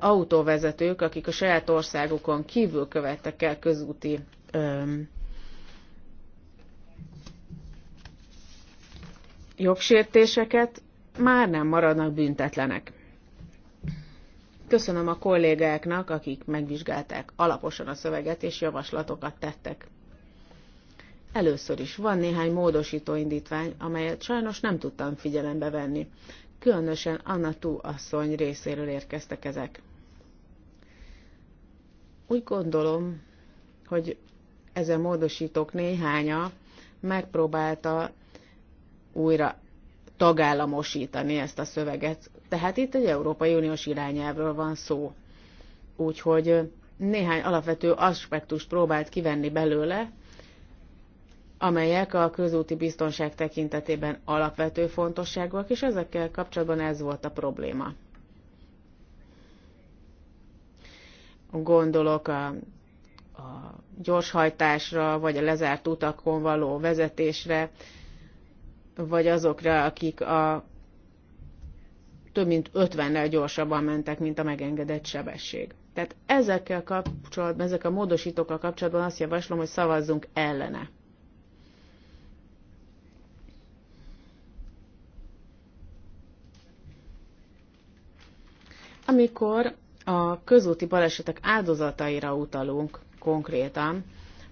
autóvezetők, akik a saját országukon kívül követtek el közúti öm, jogsértéseket, már nem maradnak büntetlenek. Köszönöm a kollégáknak, akik megvizsgálták alaposan a szöveget és javaslatokat tettek. Először is van néhány módosító indítvány, amelyet sajnos nem tudtam figyelembe venni. Különösen Anatú asszony részéről érkeztek ezek. Úgy gondolom, hogy ezen módosítók néhánya megpróbálta újra tagállamosítani ezt a szöveget. Tehát itt egy Európai Uniós irányelvről van szó. Úgyhogy néhány alapvető aspektust próbált kivenni belőle, amelyek a közúti biztonság tekintetében alapvető fontosságúak, és ezekkel kapcsolatban ez volt a probléma. Gondolok a, a gyorshajtásra, vagy a lezárt utakon való vezetésre, vagy azokra, akik a több mint 50-nel gyorsabban mentek, mint a megengedett sebesség. Tehát ezekkel kapcsolatban, ezek a módosítókkal kapcsolatban azt javaslom, hogy szavazzunk ellene. Amikor a közúti balesetek áldozataira utalunk konkrétan,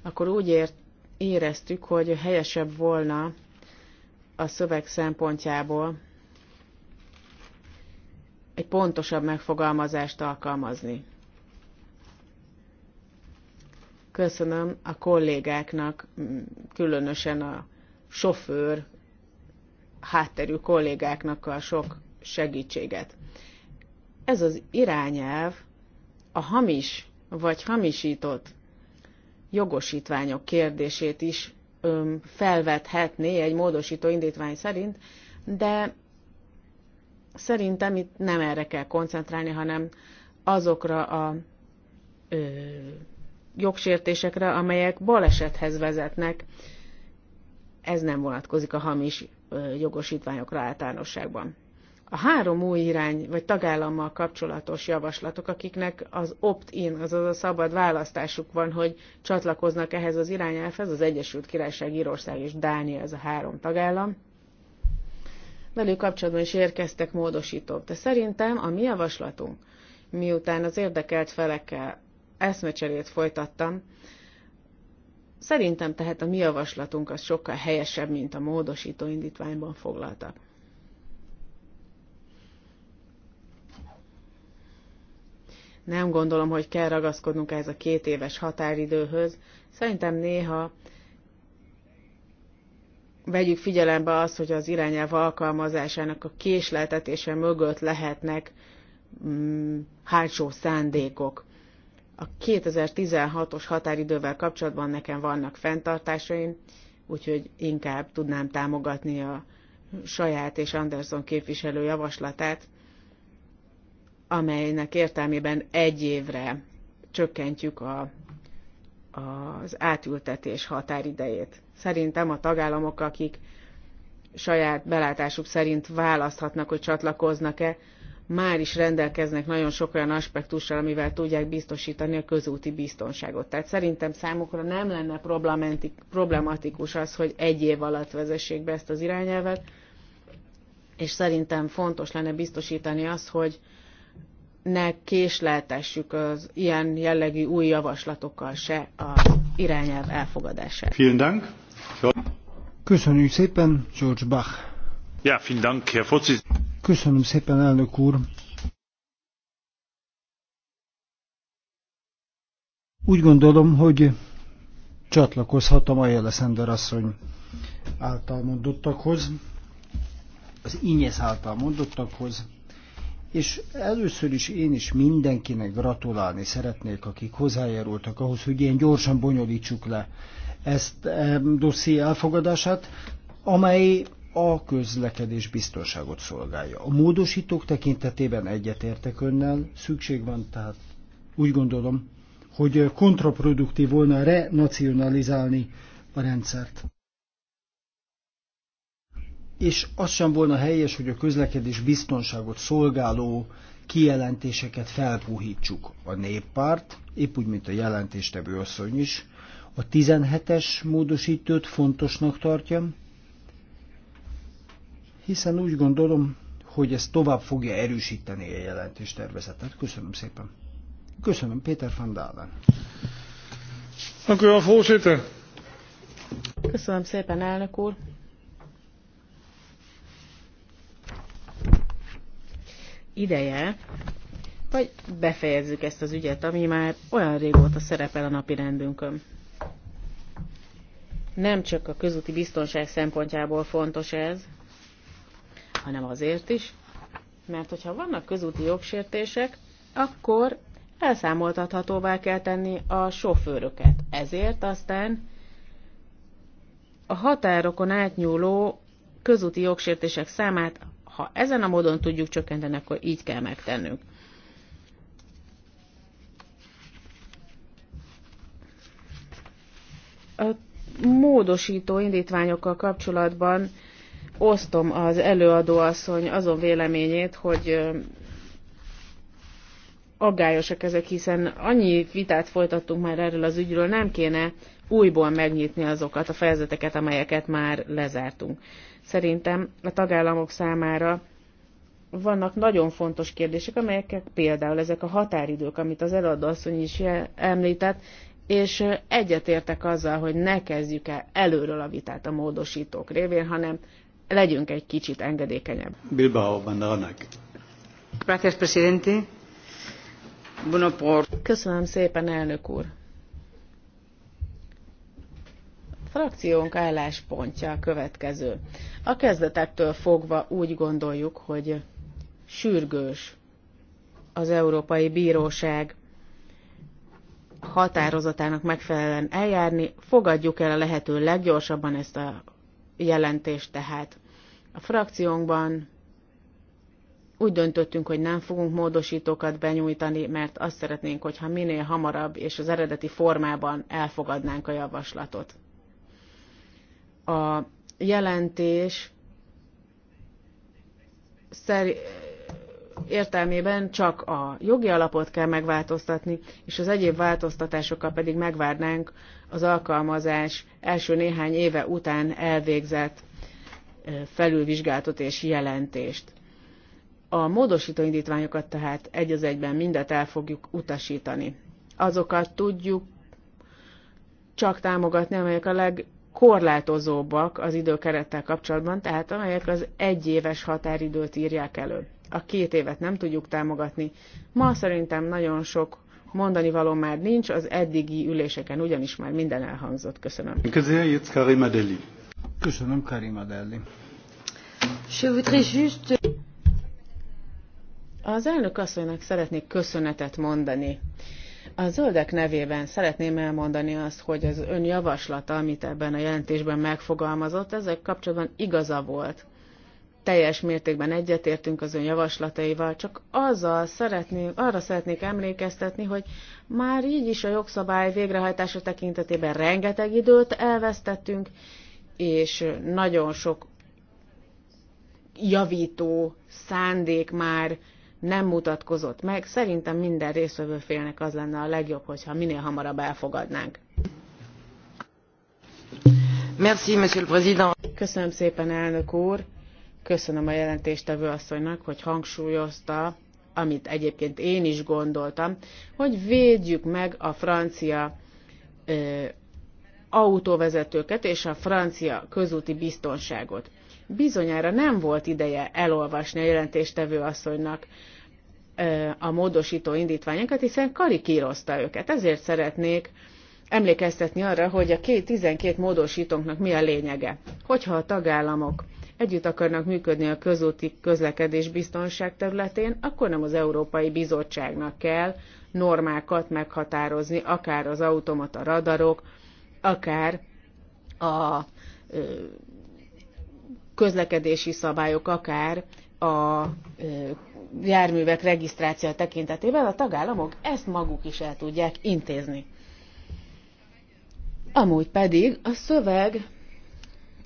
akkor úgy ért, éreztük, hogy helyesebb volna a szöveg szempontjából egy pontosabb megfogalmazást alkalmazni. Köszönöm a kollégáknak, különösen a sofőr hátterű kollégáknak a sok segítséget ez az irányelv a hamis vagy hamisított jogosítványok kérdését is öm, felvethetné egy módosító indítvány szerint, de szerintem itt nem erre kell koncentrálni, hanem azokra a ö, jogsértésekre, amelyek balesethez vezetnek. Ez nem vonatkozik a hamis ö, jogosítványokra általánosságban a három új irány vagy tagállammal kapcsolatos javaslatok, akiknek az opt-in, azaz a szabad választásuk van, hogy csatlakoznak ehhez az irányelvhez, az Egyesült Királyság, Írország és Dánia ez a három tagállam. Velük kapcsolatban is érkeztek módosítók, de szerintem a mi javaslatunk, miután az érdekelt felekkel eszmecserét folytattam, Szerintem tehát a mi javaslatunk az sokkal helyesebb, mint a módosító indítványban foglaltak. Nem gondolom, hogy kell ragaszkodnunk ez a két éves határidőhöz. Szerintem néha vegyük figyelembe azt, hogy az irányelv alkalmazásának a késleltetése mögött lehetnek mm, hátsó szándékok. A 2016-os határidővel kapcsolatban nekem vannak fenntartásaim, úgyhogy inkább tudnám támogatni a saját és Anderson képviselő javaslatát, amelynek értelmében egy évre csökkentjük a, az átültetés határidejét. Szerintem a tagállamok, akik saját belátásuk szerint választhatnak, hogy csatlakoznak-e, már is rendelkeznek nagyon sok olyan aspektussal, amivel tudják biztosítani a közúti biztonságot. Tehát szerintem számukra nem lenne problematikus az, hogy egy év alatt vezessék be ezt az irányelvet, és szerintem fontos lenne biztosítani azt, hogy ne késleltessük az ilyen jellegű új javaslatokkal se az irányelv elfogadását. Vielen Dank. Köszönjük szépen, George Bach. Ja, vielen Dank, Herr Vorsitzender. Köszönöm szépen, elnök úr. Úgy gondolom, hogy csatlakozhatom a Jeleszender asszony által mondottakhoz, az Ínyesz által mondottakhoz, és először is én is mindenkinek gratulálni szeretnék, akik hozzájárultak ahhoz, hogy ilyen gyorsan bonyolítsuk le ezt e, dosszié elfogadását, amely a közlekedés biztonságot szolgálja. A módosítók tekintetében egyetértek önnel, szükség van, tehát úgy gondolom, hogy kontraproduktív volna renacionalizálni a rendszert és az sem volna helyes, hogy a közlekedés biztonságot szolgáló kijelentéseket felpuhítsuk. A néppárt, épp úgy, mint a jelentéstevő asszony is, a 17-es módosítőt fontosnak tartja, hiszen úgy gondolom, hogy ez tovább fogja erősíteni a jelentéstervezetet. Köszönöm szépen. Köszönöm, Péter van Dálen. Köszönöm szépen, elnök úr. ideje, vagy befejezzük ezt az ügyet, ami már olyan régóta szerepel a napi rendünkön. Nem csak a közúti biztonság szempontjából fontos ez, hanem azért is, mert hogyha vannak közúti jogsértések, akkor elszámoltathatóvá kell tenni a sofőröket. Ezért aztán a határokon átnyúló közúti jogsértések számát ha ezen a módon tudjuk csökkenteni, akkor így kell megtennünk. A módosító indítványokkal kapcsolatban osztom az előadóasszony azon véleményét, hogy aggályosak ezek, hiszen annyi vitát folytattunk már erről az ügyről, nem kéne újból megnyitni azokat a fejezeteket, amelyeket már lezártunk. Szerintem a tagállamok számára vannak nagyon fontos kérdések, amelyek például ezek a határidők, amit az eladóasszony is említett, és egyetértek azzal, hogy ne kezdjük el előről a vitát a módosítók révén, hanem legyünk egy kicsit engedékenyebb. Bilbao Bandanak. Gracias, presidente. Bueno, por... Köszönöm szépen, elnök úr. frakciónk álláspontja a következő. A kezdetektől fogva úgy gondoljuk, hogy sürgős az Európai Bíróság határozatának megfelelően eljárni. Fogadjuk el a lehető leggyorsabban ezt a jelentést tehát. A frakciónkban úgy döntöttünk, hogy nem fogunk módosítókat benyújtani, mert azt szeretnénk, hogyha minél hamarabb és az eredeti formában elfogadnánk a javaslatot. A jelentés szer- értelmében csak a jogi alapot kell megváltoztatni, és az egyéb változtatásokkal pedig megvárnánk az alkalmazás első néhány éve után elvégzett felülvizsgálatot és jelentést. A módosító indítványokat tehát egy az egyben mindet el fogjuk utasítani. Azokat tudjuk csak támogatni, amelyek a leg korlátozóbbak az időkerettel kapcsolatban, tehát amelyek az egyéves határidőt írják elő. A két évet nem tudjuk támogatni. Ma szerintem nagyon sok mondani való már nincs, az eddigi üléseken ugyanis már minden elhangzott. Köszönöm. Köszönöm, Karim Adeli. Az elnök asszonynak szeretnék köszönetet mondani a zöldek nevében szeretném elmondani azt, hogy az ön javaslata, amit ebben a jelentésben megfogalmazott, ezek kapcsolatban igaza volt. Teljes mértékben egyetértünk az ön javaslataival, csak azzal szeretném, arra szeretnék emlékeztetni, hogy már így is a jogszabály végrehajtása tekintetében rengeteg időt elvesztettünk, és nagyon sok javító szándék már nem mutatkozott meg. Szerintem minden részvevő félnek az lenne a legjobb, hogyha minél hamarabb elfogadnánk. Merci, Monsieur le Président. Köszönöm szépen, elnök úr. Köszönöm a jelentéstevő asszonynak, hogy hangsúlyozta, amit egyébként én is gondoltam, hogy védjük meg a francia ö, autóvezetőket és a francia közúti biztonságot bizonyára nem volt ideje elolvasni a jelentéstevő asszonynak a módosító indítványokat, hiszen karikírozta őket. Ezért szeretnék emlékeztetni arra, hogy a két 12 módosítónknak mi a lényege. Hogyha a tagállamok együtt akarnak működni a közúti közlekedés biztonság területén, akkor nem az Európai Bizottságnak kell normákat meghatározni, akár az automata radarok, akár a közlekedési szabályok, akár a járművek regisztráció tekintetében a tagállamok ezt maguk is el tudják intézni. Amúgy pedig a szöveg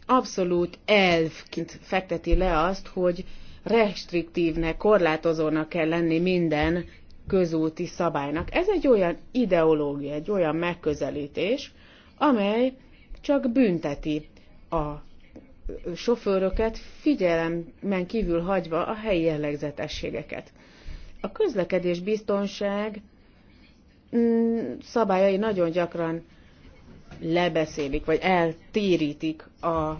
abszolút elvként fekteti le azt, hogy restriktívnek, korlátozónak kell lenni minden közúti szabálynak. Ez egy olyan ideológia, egy olyan megközelítés, amely csak bünteti a sofőröket figyelemben kívül hagyva a helyi jellegzetességeket. A közlekedés biztonság mm, szabályai nagyon gyakran lebeszélik, vagy eltérítik a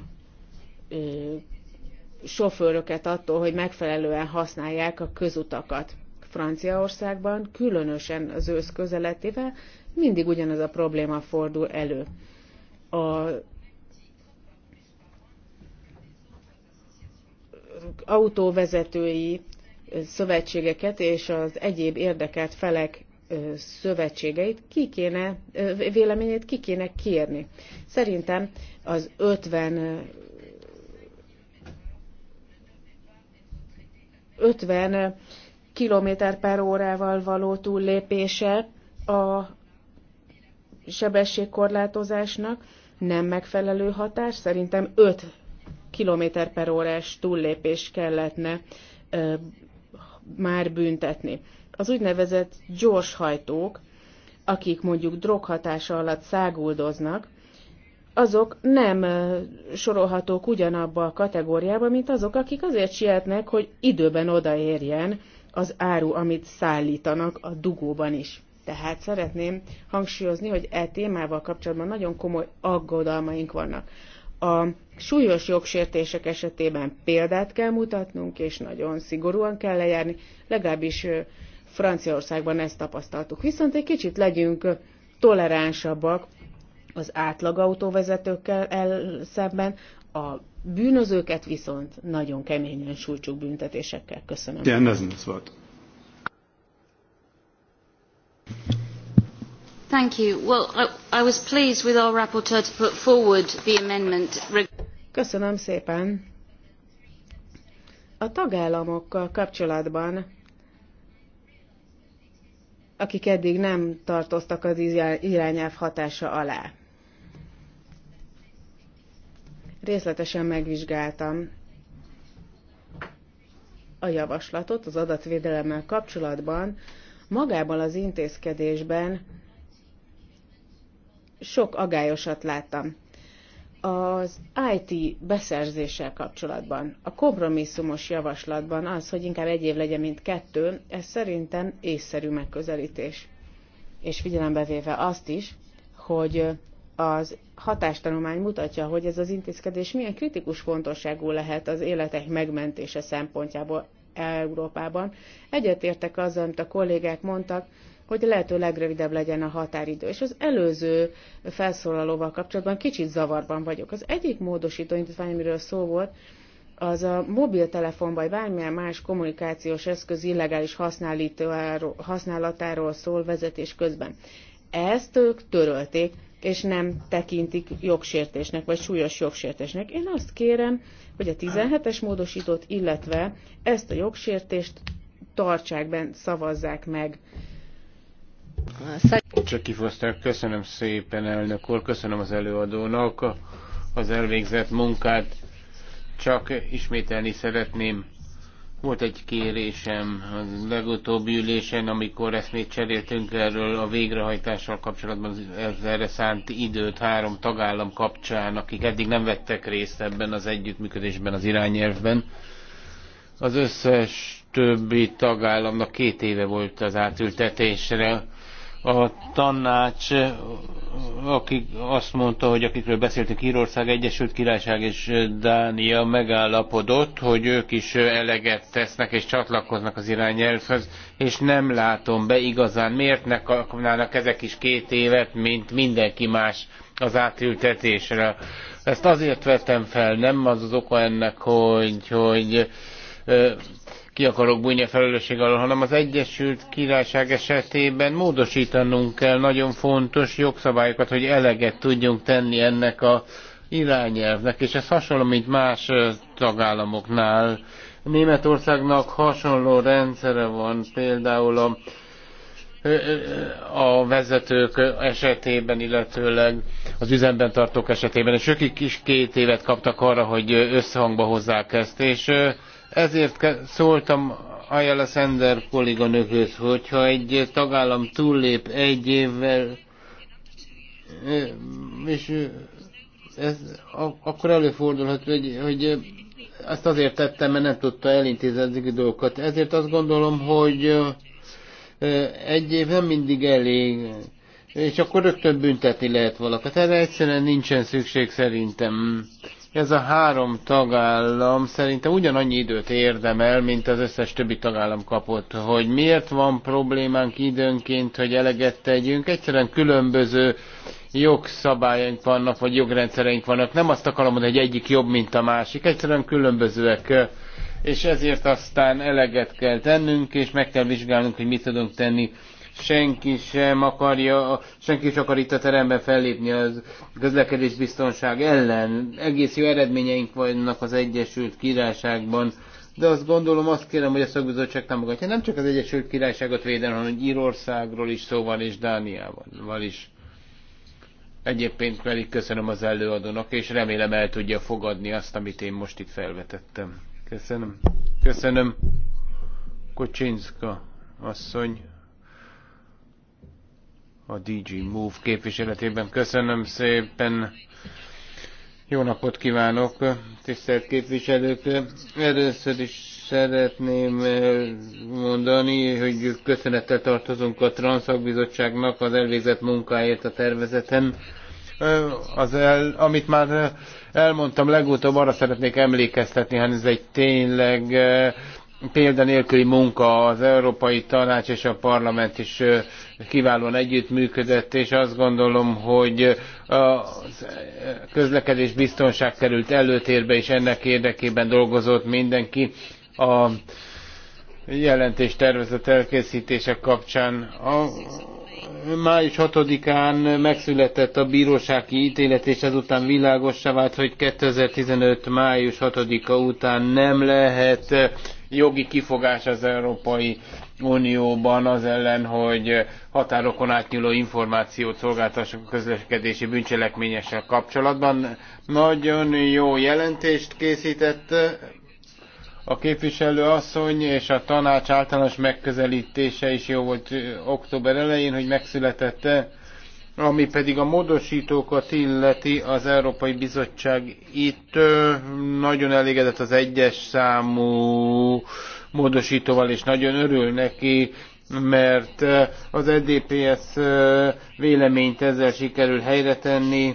sofőröket attól, hogy megfelelően használják a közutakat. Franciaországban, különösen az ősz közeletével mindig ugyanaz a probléma fordul elő. A autóvezetői szövetségeket és az egyéb érdekelt felek szövetségeit ki kéne, véleményét ki kéne kérni. Szerintem az 50 50 km per órával való túllépése a sebességkorlátozásnak nem megfelelő hatás, szerintem 5 km per órás túllépés kellettne ö, már büntetni. Az úgynevezett gyorshajtók, akik mondjuk droghatása alatt száguldoznak, azok nem sorolhatók ugyanabba a kategóriába, mint azok, akik azért sietnek, hogy időben odaérjen az áru, amit szállítanak a dugóban is. Tehát szeretném hangsúlyozni, hogy e témával kapcsolatban nagyon komoly aggodalmaink vannak. A súlyos jogsértések esetében példát kell mutatnunk, és nagyon szigorúan kell lejárni, legalábbis Franciaországban ezt tapasztaltuk. Viszont egy kicsit legyünk toleránsabbak az átlag autóvezetőkkel el szemben, a bűnözőket viszont nagyon keményen sújtsuk büntetésekkel. Köszönöm. Ján, ez volt. I, was pleased with our rapporteur to put forward the amendment. Köszönöm szépen. A tagállamokkal kapcsolatban, akik eddig nem tartoztak az irányelv hatása alá. Részletesen megvizsgáltam a javaslatot az adatvédelemmel kapcsolatban, magában az intézkedésben sok agályosat láttam. Az IT beszerzéssel kapcsolatban, a kompromisszumos javaslatban az, hogy inkább egy év legyen, mint kettő, ez szerintem észszerű megközelítés. És figyelembe véve azt is, hogy az hatástanulmány mutatja, hogy ez az intézkedés milyen kritikus fontosságú lehet az életek megmentése szempontjából Európában. Egyetértek azzal, amit a kollégák mondtak, hogy lehető legrövidebb legyen a határidő. És az előző felszólalóval kapcsolatban kicsit zavarban vagyok. Az egyik módosító intézmény, amiről szó volt, az a mobiltelefon vagy bármilyen más kommunikációs eszköz illegális használatáról szól vezetés közben. Ezt ők törölték, és nem tekintik jogsértésnek, vagy súlyos jogsértésnek. Én azt kérem, hogy a 17-es módosítót, illetve ezt a jogsértést tartsák benn, szavazzák meg. Csak Foster, köszönöm szépen elnök úr, köszönöm az előadónak az elvégzett munkát. Csak ismételni szeretném, volt egy kérésem a legutóbbi ülésen, amikor ezt még cseréltünk erről a végrehajtással kapcsolatban, az erre szánt időt három tagállam kapcsán, akik eddig nem vettek részt ebben az együttműködésben, az irányelvben. Az összes többi tagállamnak két éve volt az átültetésre a tanács, aki azt mondta, hogy akikről beszéltünk, Írország, Egyesült Királyság és Dánia megállapodott, hogy ők is eleget tesznek és csatlakoznak az irányelvhöz, és nem látom be igazán, miért ne kapnának ezek is két évet, mint mindenki más az átültetésre. Ezt azért vettem fel, nem az az oka ennek, hogy, hogy ki akarok bújni a felelősség alól, hanem az Egyesült Királyság esetében módosítanunk kell nagyon fontos jogszabályokat, hogy eleget tudjunk tenni ennek a irányelvnek, és ez hasonló, mint más tagállamoknál. Németországnak hasonló rendszere van, például a, a vezetők esetében, illetőleg az üzemben tartók esetében, és ők is két évet kaptak arra, hogy összhangba hozzák ezt, és ezért szóltam Ayala Sender kolléganőkhöz, hogyha egy tagállam túllép egy évvel, és ez, akkor előfordulhat, hogy, hogy ezt azért tettem, mert nem tudta elintézni a dolgokat. Ezért azt gondolom, hogy egy év nem mindig elég, és akkor rögtön büntetni lehet valakit. Erre egyszerűen nincsen szükség szerintem. Ez a három tagállam szerintem ugyanannyi időt érdemel, mint az összes többi tagállam kapott. Hogy miért van problémánk időnként, hogy eleget tegyünk? Egyszerűen különböző jogszabályaink vannak, vagy jogrendszereink vannak. Nem azt akarom hogy egyik jobb, mint a másik. Egyszerűen különbözőek és ezért aztán eleget kell tennünk, és meg kell vizsgálnunk, hogy mit tudunk tenni senki sem akarja, senki sem akar itt a teremben fellépni az közlekedés biztonság ellen. Egész jó eredményeink vannak az Egyesült Királyságban, de azt gondolom, azt kérem, hogy a szakbizottság támogatja. Nem csak az Egyesült Királyságot véden, hanem Írországról is szó van, és Dániában is. Egyébként pedig köszönöm az előadónak, és remélem el tudja fogadni azt, amit én most itt felvetettem. Köszönöm. Köszönöm. Kocsinska asszony a DG Move képviseletében. Köszönöm szépen! Jó napot kívánok, tisztelt képviselők! Először is szeretném eh, mondani, hogy köszönettel tartozunk a Transzakbizottságnak az elvégzett munkáért a tervezeten. Eh, az el, amit már elmondtam legutóbb, arra szeretnék emlékeztetni, hát ez egy tényleg eh, példanélküli munka az Európai Tanács és a Parlament is kiválóan együttműködött, és azt gondolom, hogy a közlekedés biztonság került előtérbe, és ennek érdekében dolgozott mindenki. A jelentés tervezet elkészítése kapcsán a május 6-án megszületett a bírósági ítélet, és ezután világossá vált, hogy 2015. május 6-a után nem lehet jogi kifogás az európai Unióban az ellen, hogy határokon átnyúló információt szolgáltassunk a közlekedési bűncselekményessel kapcsolatban. Nagyon jó jelentést készített a képviselő asszony és a tanács általános megközelítése is jó volt október elején, hogy megszületett ami pedig a módosítókat illeti, az Európai Bizottság itt nagyon elégedett az egyes számú módosítóval, és nagyon örül neki, mert eh, az EDPS eh, véleményt ezzel sikerül helyre tenni,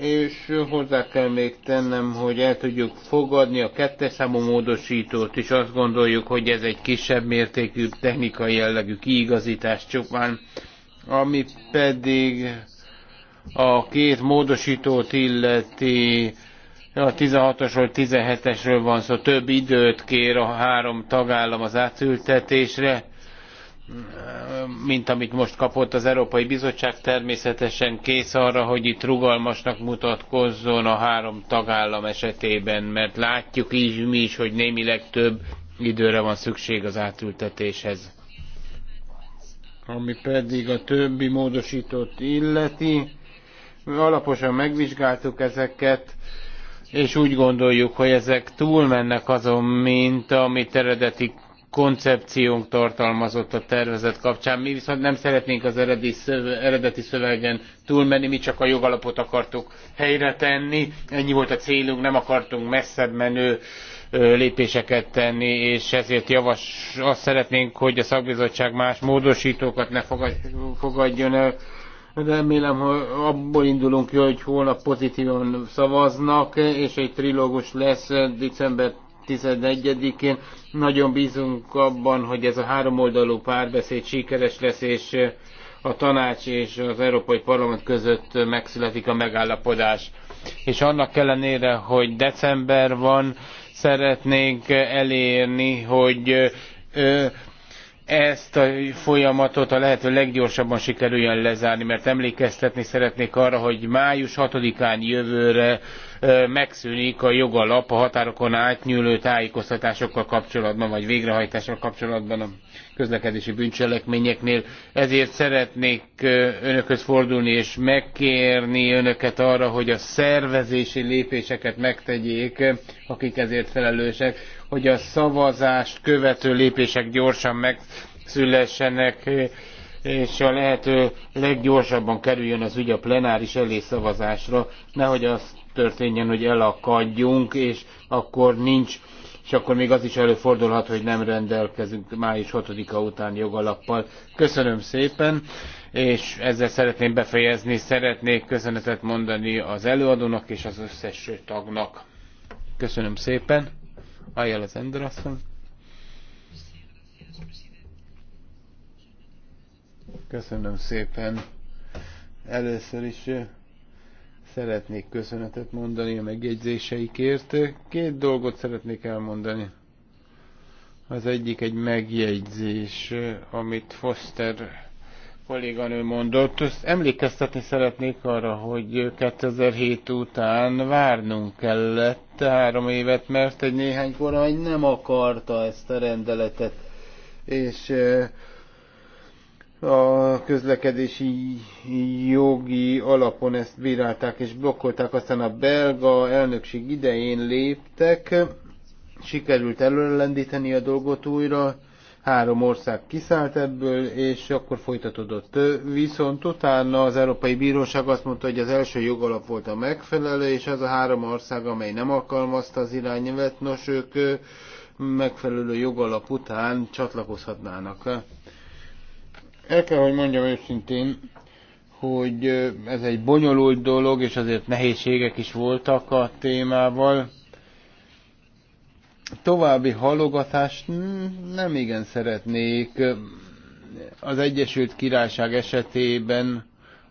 és hozzá kell még tennem, hogy el tudjuk fogadni a kettes számú módosítót, és azt gondoljuk, hogy ez egy kisebb mértékű technikai jellegű kiigazítás csupán, ami pedig a két módosítót illeti a 16-osról, 17-esről van szó, több időt kér a három tagállam az átültetésre, mint amit most kapott az Európai Bizottság, természetesen kész arra, hogy itt rugalmasnak mutatkozzon a három tagállam esetében, mert látjuk így mi is, hogy némileg több időre van szükség az átültetéshez. Ami pedig a többi módosítót illeti, alaposan megvizsgáltuk ezeket, és úgy gondoljuk, hogy ezek túlmennek azon, mint amit eredeti koncepciónk tartalmazott a tervezet kapcsán. Mi viszont nem szeretnénk az eredeti szövegen túlmenni, mi csak a jogalapot akartuk helyre tenni. Ennyi volt a célunk, nem akartunk messzebb menő lépéseket tenni, és ezért javas, azt szeretnénk, hogy a szakbizottság más módosítókat ne fogadjon el Remélem, hogy abból indulunk ki, hogy holnap pozitívan szavaznak, és egy trilógus lesz december 11-én. Nagyon bízunk abban, hogy ez a háromoldalú párbeszéd sikeres lesz, és a tanács és az Európai Parlament között megszületik a megállapodás. És annak ellenére, hogy december van, szeretnénk elérni, hogy ezt a folyamatot a lehető leggyorsabban sikerüljön lezárni, mert emlékeztetni szeretnék arra, hogy május six án jövőre megszűnik a jogalap a határokon átnyúló tájékoztatásokkal kapcsolatban, vagy végrehajtással kapcsolatban a közlekedési bűncselekményeknél. Ezért szeretnék önökhöz fordulni és megkérni önöket arra, hogy a szervezési lépéseket megtegyék, akik ezért felelősek, hogy a szavazást követő lépések gyorsan megszülessenek, és a lehető leggyorsabban kerüljön az ügy a plenáris elé szavazásra, nehogy az történjen, hogy elakadjunk, és akkor nincs és akkor még az is előfordulhat, hogy nem rendelkezünk május 6-a után jogalappal. Köszönöm szépen, és ezzel szeretném befejezni, szeretnék köszönetet mondani az előadónak és az összes tagnak. Köszönöm szépen. Ajánl az Köszönöm szépen. Először is eh, szeretnék köszönetet mondani a megjegyzéseikért. Két dolgot szeretnék elmondani. Az egyik egy megjegyzés, eh, amit Foster kolléganő mondott. Emlékeztetni szeretnék arra, hogy 2007 után várnunk kellett három évet, mert egy néhány kormány nem akarta ezt a rendeletet. És eh, a közlekedési jogi alapon ezt bírálták és blokkolták, aztán a belga elnökség idején léptek, sikerült előrelendíteni a dolgot újra, három ország kiszállt ebből, és akkor folytatódott. Viszont utána az Európai Bíróság azt mondta, hogy az első jogalap volt a megfelelő, és az a három ország, amely nem alkalmazta az irányvet, nos, ők megfelelő jogalap után csatlakozhatnának. El kell, hogy mondjam őszintén, hogy ez egy bonyolult dolog, és azért nehézségek is voltak a témával további halogatást nem igen szeretnék. Az Egyesült Királyság esetében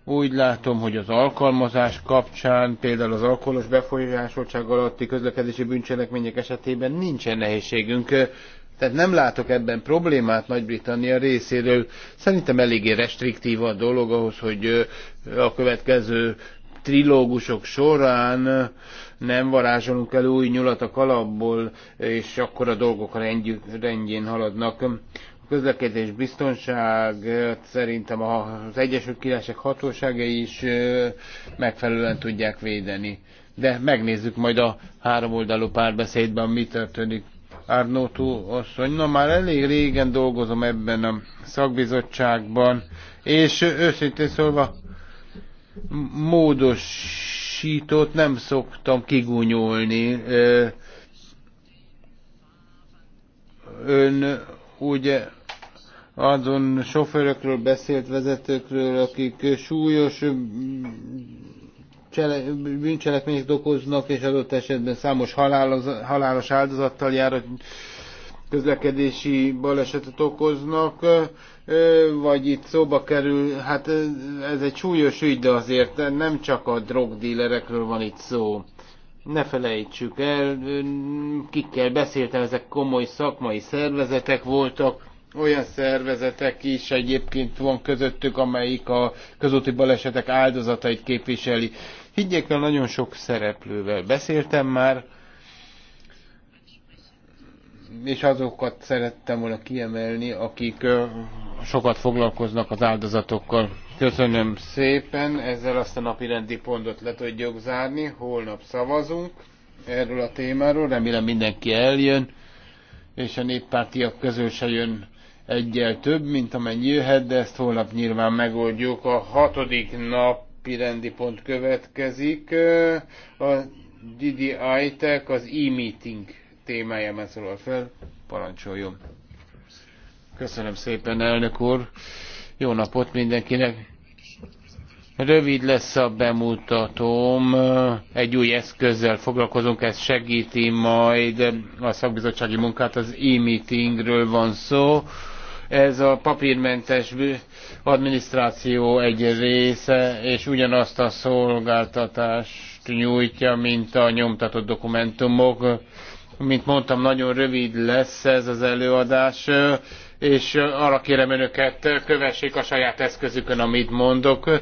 úgy látom, hogy az alkalmazás kapcsán, például az alkoholos befolyásoltság alatti közlekedési bűncselekmények esetében nincsen nehézségünk. Tehát nem látok ebben problémát Nagy-Britannia részéről. Szerintem eléggé restriktív a dolog ahhoz, hogy a következő trilógusok során nem varázsolunk el új nyulat a kalapból, és akkor a dolgok rendjük, rendjén haladnak. A közlekedés biztonság szerintem az Egyesült Királyság hatóságai is megfelelően tudják védeni. De megnézzük majd a háromoldalú párbeszédben, mi történik. Árnótó asszony, na már elég régen dolgozom ebben a szakbizottságban, és őszintén szólva módosítót nem szoktam kigunyolni. Ön ugye azon sofőrökről beszélt vezetőkről, akik súlyos bűncselekmények bűncselekményeket okoznak, és adott esetben számos halálos, halálos áldozattal jár, közlekedési balesetet okoznak vagy itt szóba kerül, hát ez egy súlyos ügy, de azért nem csak a drogdílerekről van itt szó. Ne felejtsük el, kikkel beszéltem, ezek komoly szakmai szervezetek voltak, olyan szervezetek is egyébként van közöttük, amelyik a közúti balesetek áldozatait képviseli. Higgyék el, nagyon sok szereplővel beszéltem már, és azokat szerettem volna kiemelni, akik sokat foglalkoznak az áldozatokkal. Köszönöm szépen, ezzel azt a napi rendi pontot le tudjuk zárni, holnap szavazunk erről a témáról, remélem mindenki eljön, és a néppártiak közül se jön egyel több, mint amennyi jöhet, de ezt holnap nyilván megoldjuk. A hatodik napi rendi pont következik, a DDI-tek, az e-meeting témájában szólal fel, parancsoljon. Köszönöm szépen, elnök úr. Jó napot mindenkinek. Rövid lesz a bemutatóm. Egy új eszközzel foglalkozunk, ez segíti majd a szakbizottsági munkát, az e-meetingről van szó. Ez a papírmentes adminisztráció egy része, és ugyanazt a szolgáltatást nyújtja, mint a nyomtatott dokumentumok. Mint mondtam, nagyon rövid lesz ez az előadás, és arra kérem önöket, kövessék a saját eszközükön, amit mondok.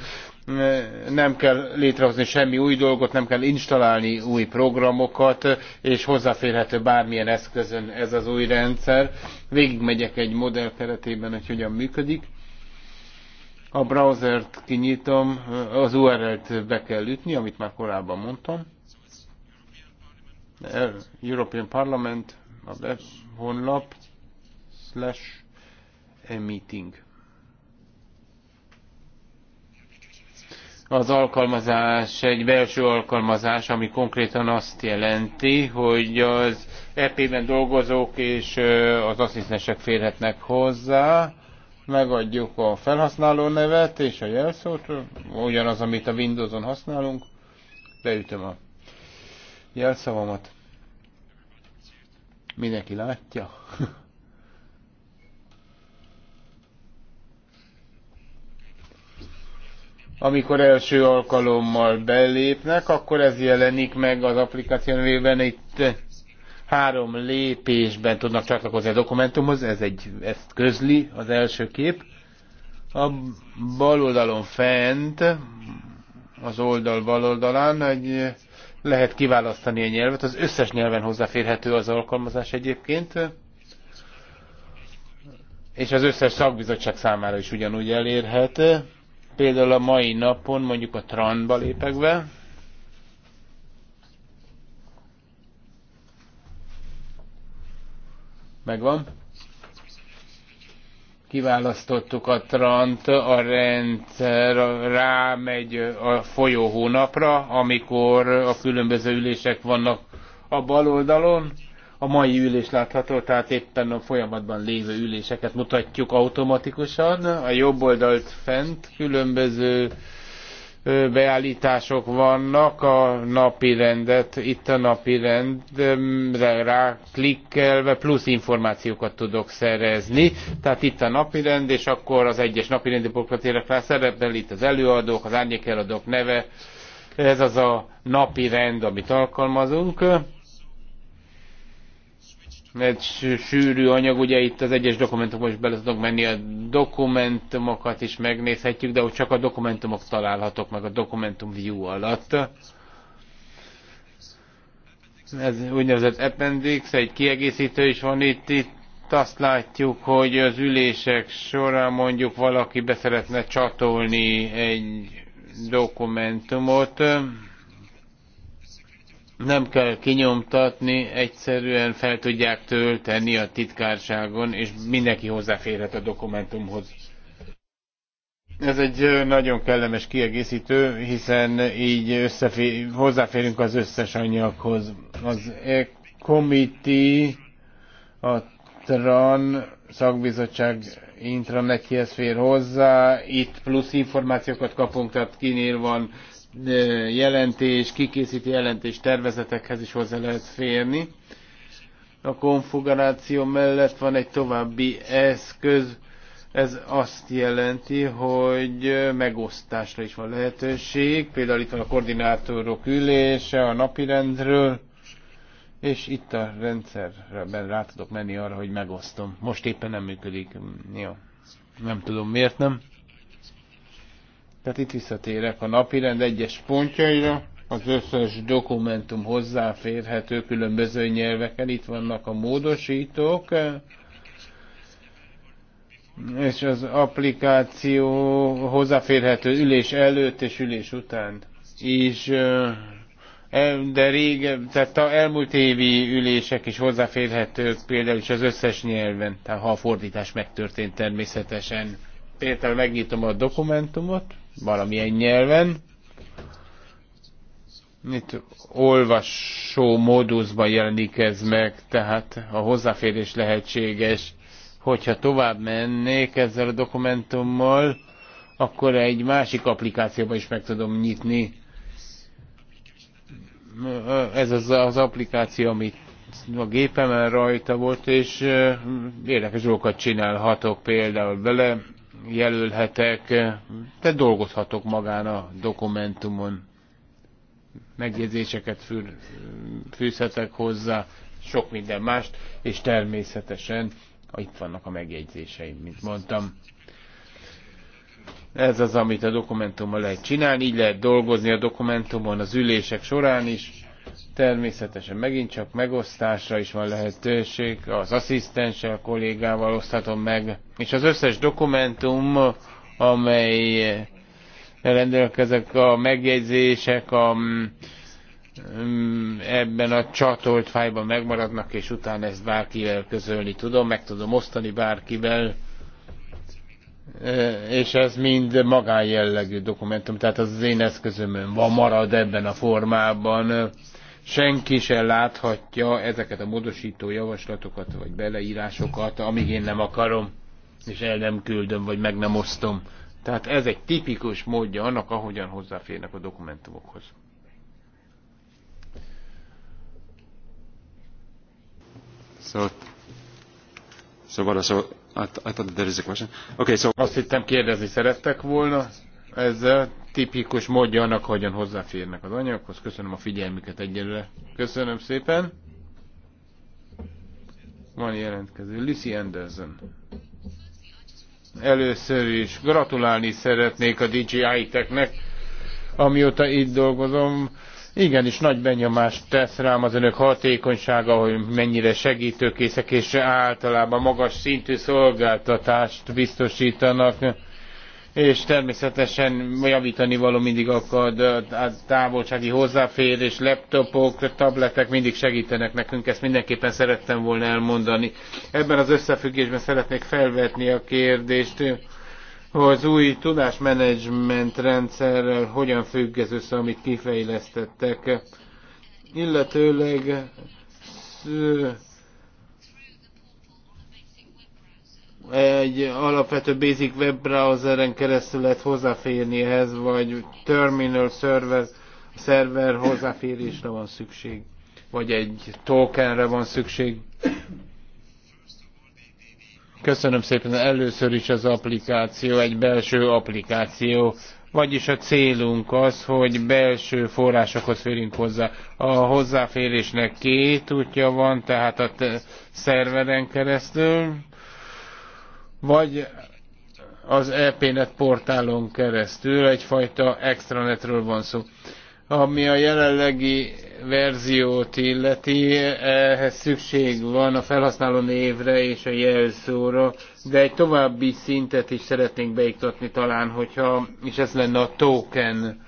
Nem kell létrehozni semmi új dolgot, nem kell installálni új programokat, és hozzáférhető bármilyen eszközön ez az új rendszer. Végigmegyek egy modell keretében, hogy hogyan működik a browsert kinyitom, az URL-t be kell ütni, amit már korábban mondtam. European Parliament a honlap slash a meeting Az alkalmazás egy belső alkalmazás, ami konkrétan azt jelenti, hogy az EP-ben dolgozók és az asszisztensek férhetnek hozzá, megadjuk a felhasználó nevet és a jelszót, ugyanaz, amit a Windows-on használunk, Beütöm a jelszavamat. Mindenki látja. Amikor első alkalommal belépnek, akkor ez jelenik meg az applikáció nevében. Itt három lépésben tudnak csatlakozni a dokumentumhoz, ez egy, ezt közli az első kép. A bal oldalon fent, az oldal bal oldalán egy lehet kiválasztani a nyelvet, az összes nyelven hozzáférhető az alkalmazás egyébként, és az összes szakbizottság számára is ugyanúgy elérhető. Például a mai napon, mondjuk a Trandba lépek be, megvan kiválasztottuk a Trant, a rendszer rámegy a folyó hónapra, amikor a különböző ülések vannak a bal oldalon. A mai ülés látható, tehát éppen a folyamatban lévő üléseket mutatjuk automatikusan. A jobb oldalt fent különböző beállítások vannak a napi rendet, itt a napi rendre rá klikkelve plusz információkat tudok szerezni. Tehát itt a napi rend, és akkor az egyes napi rendi rá szerepel itt az előadók, az árnyékeladók neve. Ez az a napi rend, amit alkalmazunk egy sűrű anyag, ugye itt az egyes dokumentumok is bele tudok menni, a dokumentumokat is megnézhetjük, de ott csak a dokumentumok találhatók meg a dokumentum view alatt. Ez úgynevezett appendix, egy kiegészítő is van itt, itt azt látjuk, hogy az ülések során mondjuk valaki beszeretne csatolni egy dokumentumot, nem kell kinyomtatni, egyszerűen fel tudják tölteni a titkárságon, és mindenki hozzáférhet a dokumentumhoz. Ez egy nagyon kellemes kiegészítő, hiszen így hozzáférünk az összes anyaghoz. Az e committee, a TRAN szakbizottság intranetjéhez fér hozzá, itt plusz információkat kapunk, tehát kinél van jelentés, kikészíti jelentés tervezetekhez is hozzá lehet férni. A konfiguráció mellett van egy további eszköz, ez azt jelenti, hogy megosztásra is van lehetőség. Például itt van a koordinátorok ülése a napirendről, és itt a rendszerben rá tudok menni arra, hogy megosztom. Most éppen nem működik. Jó. Nem tudom miért nem. Tehát itt visszatérek a napirend egyes pontjaira, az összes dokumentum hozzáférhető különböző nyelveken, itt vannak a módosítók, és az applikáció hozzáférhető ülés előtt és ülés után is, de régen, tehát a elmúlt évi ülések is hozzáférhetők például is az összes nyelven, tehát ha a fordítás megtörtént természetesen. Például megnyitom a dokumentumot, valamilyen nyelven. Itt olvasó módusban jelenik ez meg, tehát a hozzáférés lehetséges. Hogyha tovább mennék ezzel a dokumentummal, akkor egy másik applikációba is meg tudom nyitni. Ez az az applikáció, amit a gépemen rajta volt, és érdekes dolgokat csinálhatok például vele jelölhetek, de dolgozhatok magán a dokumentumon. Megjegyzéseket fűzhetek hozzá, sok minden mást, és természetesen itt vannak a megjegyzéseim, mint mondtam. Ez az, amit a dokumentummal lehet csinálni, így lehet dolgozni a dokumentumon az ülések során is, Természetesen megint csak megosztásra is van lehetőség, az asszisztenssel, kollégával oszthatom meg, és az összes dokumentum, amely rendelkezek a megjegyzések, a, mm, mm, ebben a csatolt fájban megmaradnak, és utána ezt bárkivel közölni tudom, meg tudom osztani bárkivel, e, és ez mind magánjellegű dokumentum, tehát az, az én eszközömön van, marad ebben a formában, senki sem láthatja ezeket a módosító javaslatokat, vagy beleírásokat, amíg én nem akarom, és el nem küldöm, vagy meg nem osztom. Tehát ez egy tipikus módja annak, ahogyan hozzáférnek a dokumentumokhoz. So, so what, so I, I thought there is a question. Okay, so... Azt hittem kérdezni szerettek volna. Ez a tipikus módja annak, hogyan hozzáférnek az anyaghoz. Köszönöm a figyelmüket egyelőre. Köszönöm szépen. Van jelentkező. Lucy Anderson. Először is gratulálni szeretnék a DJI Technek, amióta itt dolgozom. Igenis nagy benyomást tesz rám az önök hatékonysága, hogy mennyire segítőkészek és általában magas szintű szolgáltatást biztosítanak és természetesen javítani való mindig akad, a távolsági hozzáférés, laptopok, tabletek mindig segítenek nekünk, ezt mindenképpen szerettem volna elmondani. Ebben az összefüggésben szeretnék felvetni a kérdést, hogy az új tudásmenedzsment rendszerrel hogyan függ ez össze, amit kifejlesztettek, illetőleg egy alapvető basic webbrowseren keresztül lehet hozzáférni ehhez, vagy terminal server, server hozzáférésre van szükség, vagy egy tokenre van szükség. Köszönöm szépen, először is az applikáció, egy belső applikáció, vagyis a célunk az, hogy belső forrásokhoz férjünk hozzá. A hozzáférésnek két útja van, tehát a szerveren keresztül, vagy az EPNet portálon keresztül, egyfajta extranetről van szó. Ami a jelenlegi verziót illeti, ehhez szükség van a felhasználó névre és a jelszóra, de egy további szintet is szeretnénk beiktatni talán, hogyha, és ez lenne a token.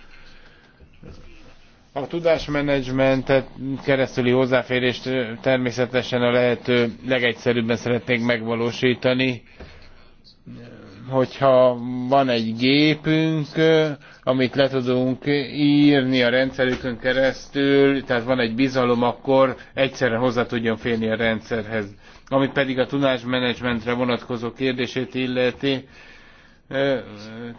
A tudásmenedzsmentet keresztüli hozzáférést természetesen a lehető legegyszerűbben szeretnénk megvalósítani hogyha van egy gépünk, amit le tudunk írni a rendszerükön keresztül, tehát van egy bizalom, akkor egyszerre hozzá tudjon férni a rendszerhez. Ami pedig a tudásmenedzsmentre vonatkozó kérdését illeti,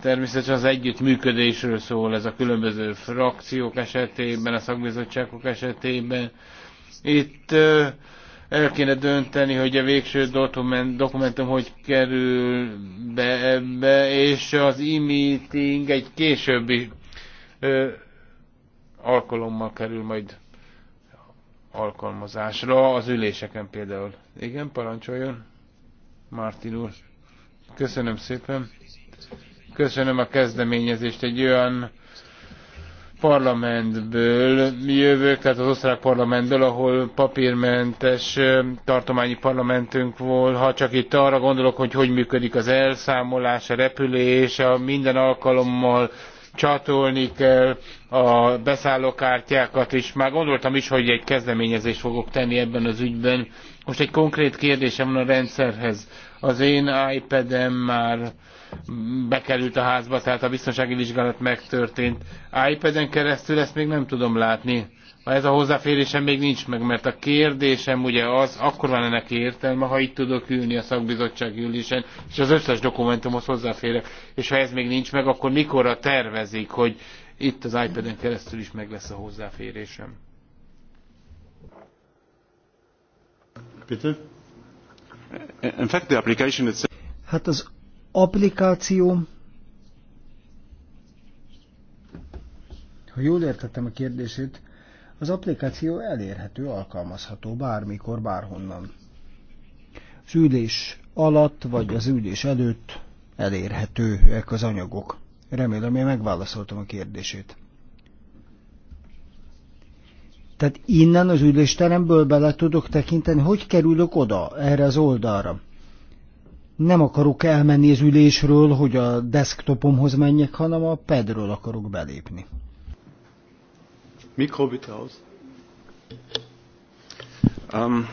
természetesen az együttműködésről szól ez a különböző frakciók esetében, a szakbizottságok esetében. Itt el kéne dönteni, hogy a végső dokument, dokumentum hogy kerül be ebbe, és az e-meeting egy későbbi ö, alkalommal kerül majd alkalmazásra, az üléseken például. Igen, parancsoljon, Martin úr. Köszönöm szépen. Köszönöm a kezdeményezést, egy olyan parlamentből jövök, tehát az osztrák parlamentből, ahol papírmentes tartományi parlamentünk volt. Ha csak itt arra gondolok, hogy hogy működik az elszámolás, a repülés, a minden alkalommal csatolni kell a beszállókártyákat is. Már gondoltam is, hogy egy kezdeményezést fogok tenni ebben az ügyben. Most egy konkrét kérdésem van a rendszerhez. Az én iPad-em már bekerült a házba, tehát a biztonsági vizsgálat megtörtént. iPad-en keresztül ezt még nem tudom látni. Ez a hozzáférésem még nincs meg, mert a kérdésem ugye az, akkor van ennek értelme, ha itt tudok ülni a szakbizottság ülésen, és az összes dokumentumhoz hozzáférek. És ha ez még nincs meg, akkor mikorra tervezik, hogy itt az iPad-en keresztül is meg lesz a hozzáférésem? Peter? In fact, the application itself... Hát az applikáció, ha jól értettem a kérdését, az applikáció elérhető, alkalmazható bármikor, bárhonnan. Az ülés alatt, vagy az ülés előtt elérhetőek az anyagok. Remélem, én megválaszoltam a kérdését. Tehát innen az ülésteremből bele tudok tekinteni, hogy kerülök oda, erre az oldalra nem akarok elmenni az ülésről, hogy a desktopomhoz menjek, hanem a pedről akarok belépni. Mikro bitte aus. Um,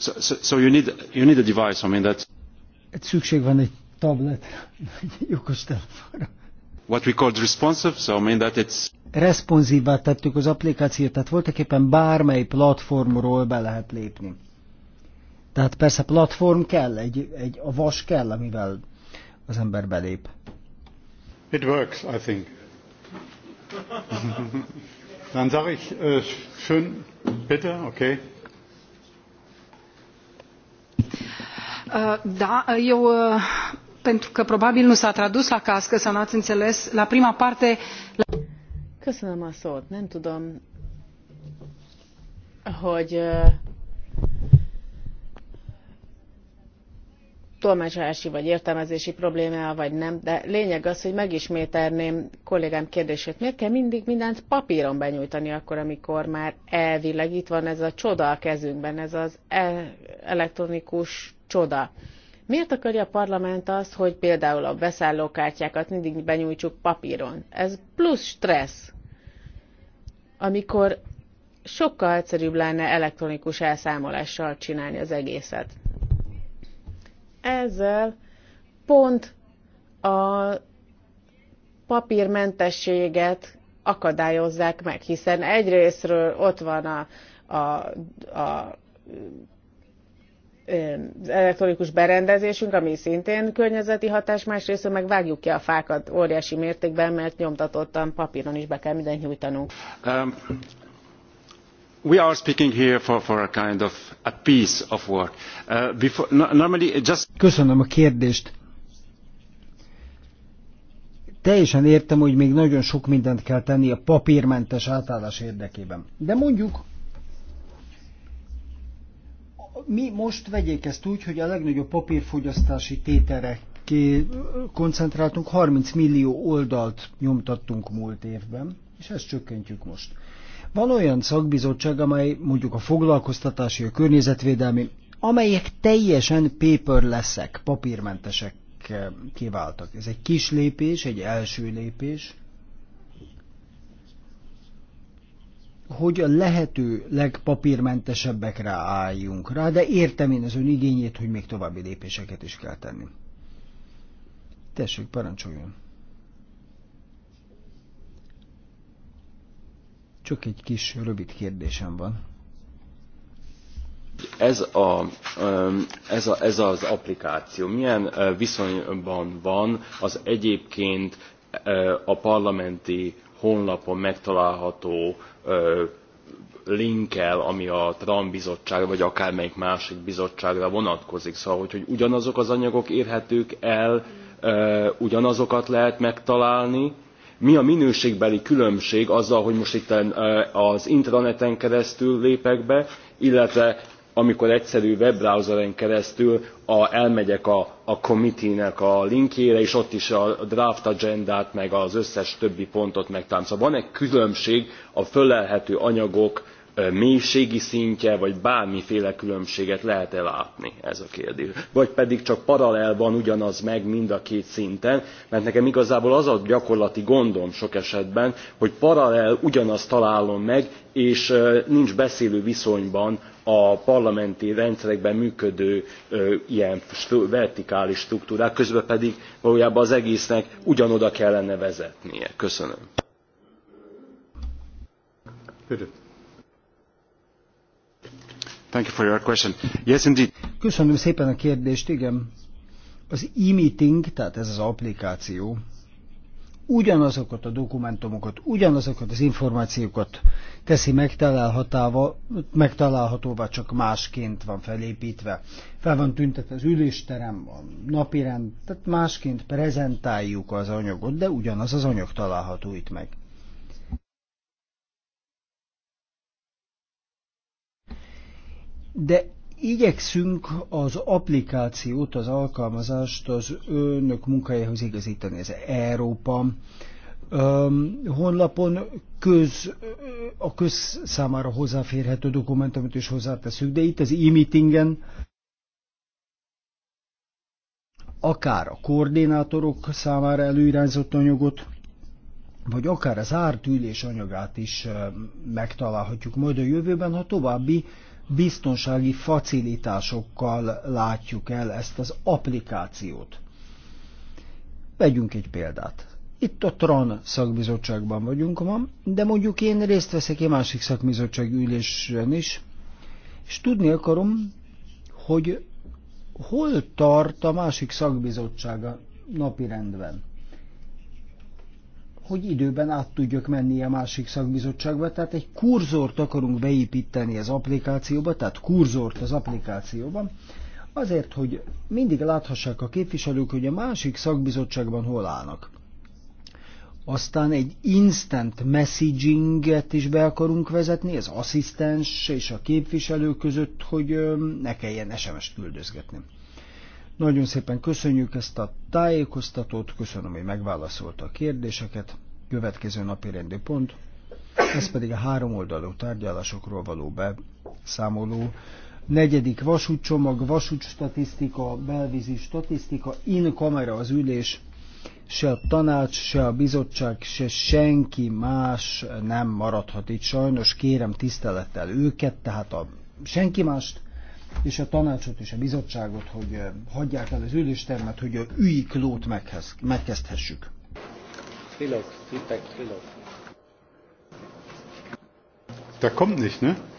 so, so, so you, need, you need a device, I mean that's... Szükség van egy tablet, egy okos telefonra. What we called responsive, so I mean that it's... Responszívvá tettük az applikációt, tehát voltaképpen bármely platformról be lehet lépni tehát persze platform kell, egy, egy, a vas kell, amivel az ember belép. It works, I think. Dann sage ich äh, schön, bitte, okay. Äh, da, äh, eu, äh, pentru că probabil nu s-a tradus la cască sau n-ați înțeles, la prima parte... La... Köszönöm a szót. Nem tudom, hogy uh, tolmácsolási vagy értelmezési problémája vagy nem, de lényeg az, hogy megismételném kollégám kérdését. Miért kell mindig mindent papíron benyújtani akkor, amikor már elvileg itt van ez a csoda a kezünkben, ez az e- elektronikus csoda? Miért akarja a parlament azt, hogy például a beszállókártyákat mindig benyújtsuk papíron? Ez plusz stressz. Amikor sokkal egyszerűbb lenne elektronikus elszámolással csinálni az egészet. Ezzel pont a papírmentességet akadályozzák meg, hiszen egyrésztről ott van a, a, a az elektronikus berendezésünk, ami szintén környezeti hatás, másrészt meg vágjuk ki a fákat óriási mértékben, mert nyomtatottan papíron is be kell mindent nyújtanunk. Um, we are speaking here for, for a kind of a piece of work. Uh, before, normally just... Köszönöm a kérdést. Teljesen értem, hogy még nagyon sok mindent kell tenni a papírmentes átállás érdekében. De mondjuk, mi most vegyék ezt úgy, hogy a legnagyobb papírfogyasztási tételre koncentráltunk, 30 millió oldalt nyomtattunk múlt évben, és ezt csökkentjük most. Van olyan szakbizottság, amely mondjuk a foglalkoztatási, a környezetvédelmi, amelyek teljesen leszek, papírmentesek kiváltak. Ez egy kis lépés, egy első lépés, hogy a lehető legpapírmentesebbekre álljunk rá, de értem én az ön igényét, hogy még további lépéseket is kell tenni. Tessék, parancsoljon! Csak egy kis rövid kérdésem van. Ez, a, ez, a, ez az applikáció milyen viszonyban van az egyébként a parlamenti honlapon megtalálható linkkel, ami a TRAN bizottság, vagy akármelyik másik bizottságra vonatkozik. Szóval, hogy, hogy ugyanazok az anyagok érhetők el, ugyanazokat lehet megtalálni, mi a minőségbeli különbség azzal, hogy most itt eh, az intraneten keresztül lépek be, illetve amikor egyszerű webbrowseren keresztül a, elmegyek a, a committee-nek a linkjére, és ott is a draft agendát, meg az összes többi pontot megtalálom. Szóval van egy különbség a fölelhető anyagok mélységi szintje, vagy bármiféle különbséget lehet-e látni ez a kérdés. Vagy pedig csak paralel van ugyanaz meg mind a két szinten, mert nekem igazából az a gyakorlati gondom sok esetben, hogy paralel ugyanaz találom meg, és nincs beszélő viszonyban a parlamenti rendszerekben működő ö, ilyen stru vertikális struktúrák, közben pedig valójában az egésznek ugyanoda kellene vezetnie. Köszönöm. Köszönöm. Thank you for your question. Yes, indeed. Köszönöm szépen a kérdést, igen. Az e-meeting, tehát ez az applikáció, ugyanazokat a dokumentumokat, ugyanazokat az információkat teszi megtalálhatóvá, csak másként van felépítve. Fel van tüntetve az ülésterem, a napirend, tehát másként prezentáljuk az anyagot, de ugyanaz az anyag található itt meg. de igyekszünk az applikációt, az alkalmazást az önök munkájához igazítani. Ez Európa um, honlapon köz, a köz számára hozzáférhető dokumentumot is hozzáteszünk, de itt az e-meetingen akár a koordinátorok számára előirányzott anyagot, vagy akár az árt ülés anyagát is megtalálhatjuk majd a jövőben, ha további biztonsági facilitásokkal látjuk el ezt az applikációt. Vegyünk egy példát. Itt a TRAN szakbizottságban vagyunk ma, de mondjuk én részt veszek egy másik szakbizottság ülésen is, és tudni akarom, hogy hol tart a másik szakbizottsága napi rendben hogy időben át tudjak menni a másik szakbizottságba, tehát egy kurzort akarunk beépíteni az applikációba, tehát kurzort az applikációban, azért, hogy mindig láthassák a képviselők, hogy a másik szakbizottságban hol állnak. Aztán egy instant messaginget is be akarunk vezetni, az asszisztens és a képviselő között, hogy ne kelljen SMS-t küldözgetni. Nagyon szépen köszönjük ezt a tájékoztatót, köszönöm, hogy megválaszolta a kérdéseket. Következő napi rendi pont, ez pedig a három oldalú tárgyalásokról való beszámoló. Negyedik vasúcsomag, vasút statisztika, belvízi statisztika, in kamera az ülés, se a tanács, se a bizottság, se senki más nem maradhat itt. Sajnos kérem tisztelettel őket, tehát a senki mást, és a tanácsot és a bizottságot, hogy eh, hagyják el az üléstermet, hogy a üi klót megkezdhessük. Filog, feedback, filog. Da kommt nicht, ne?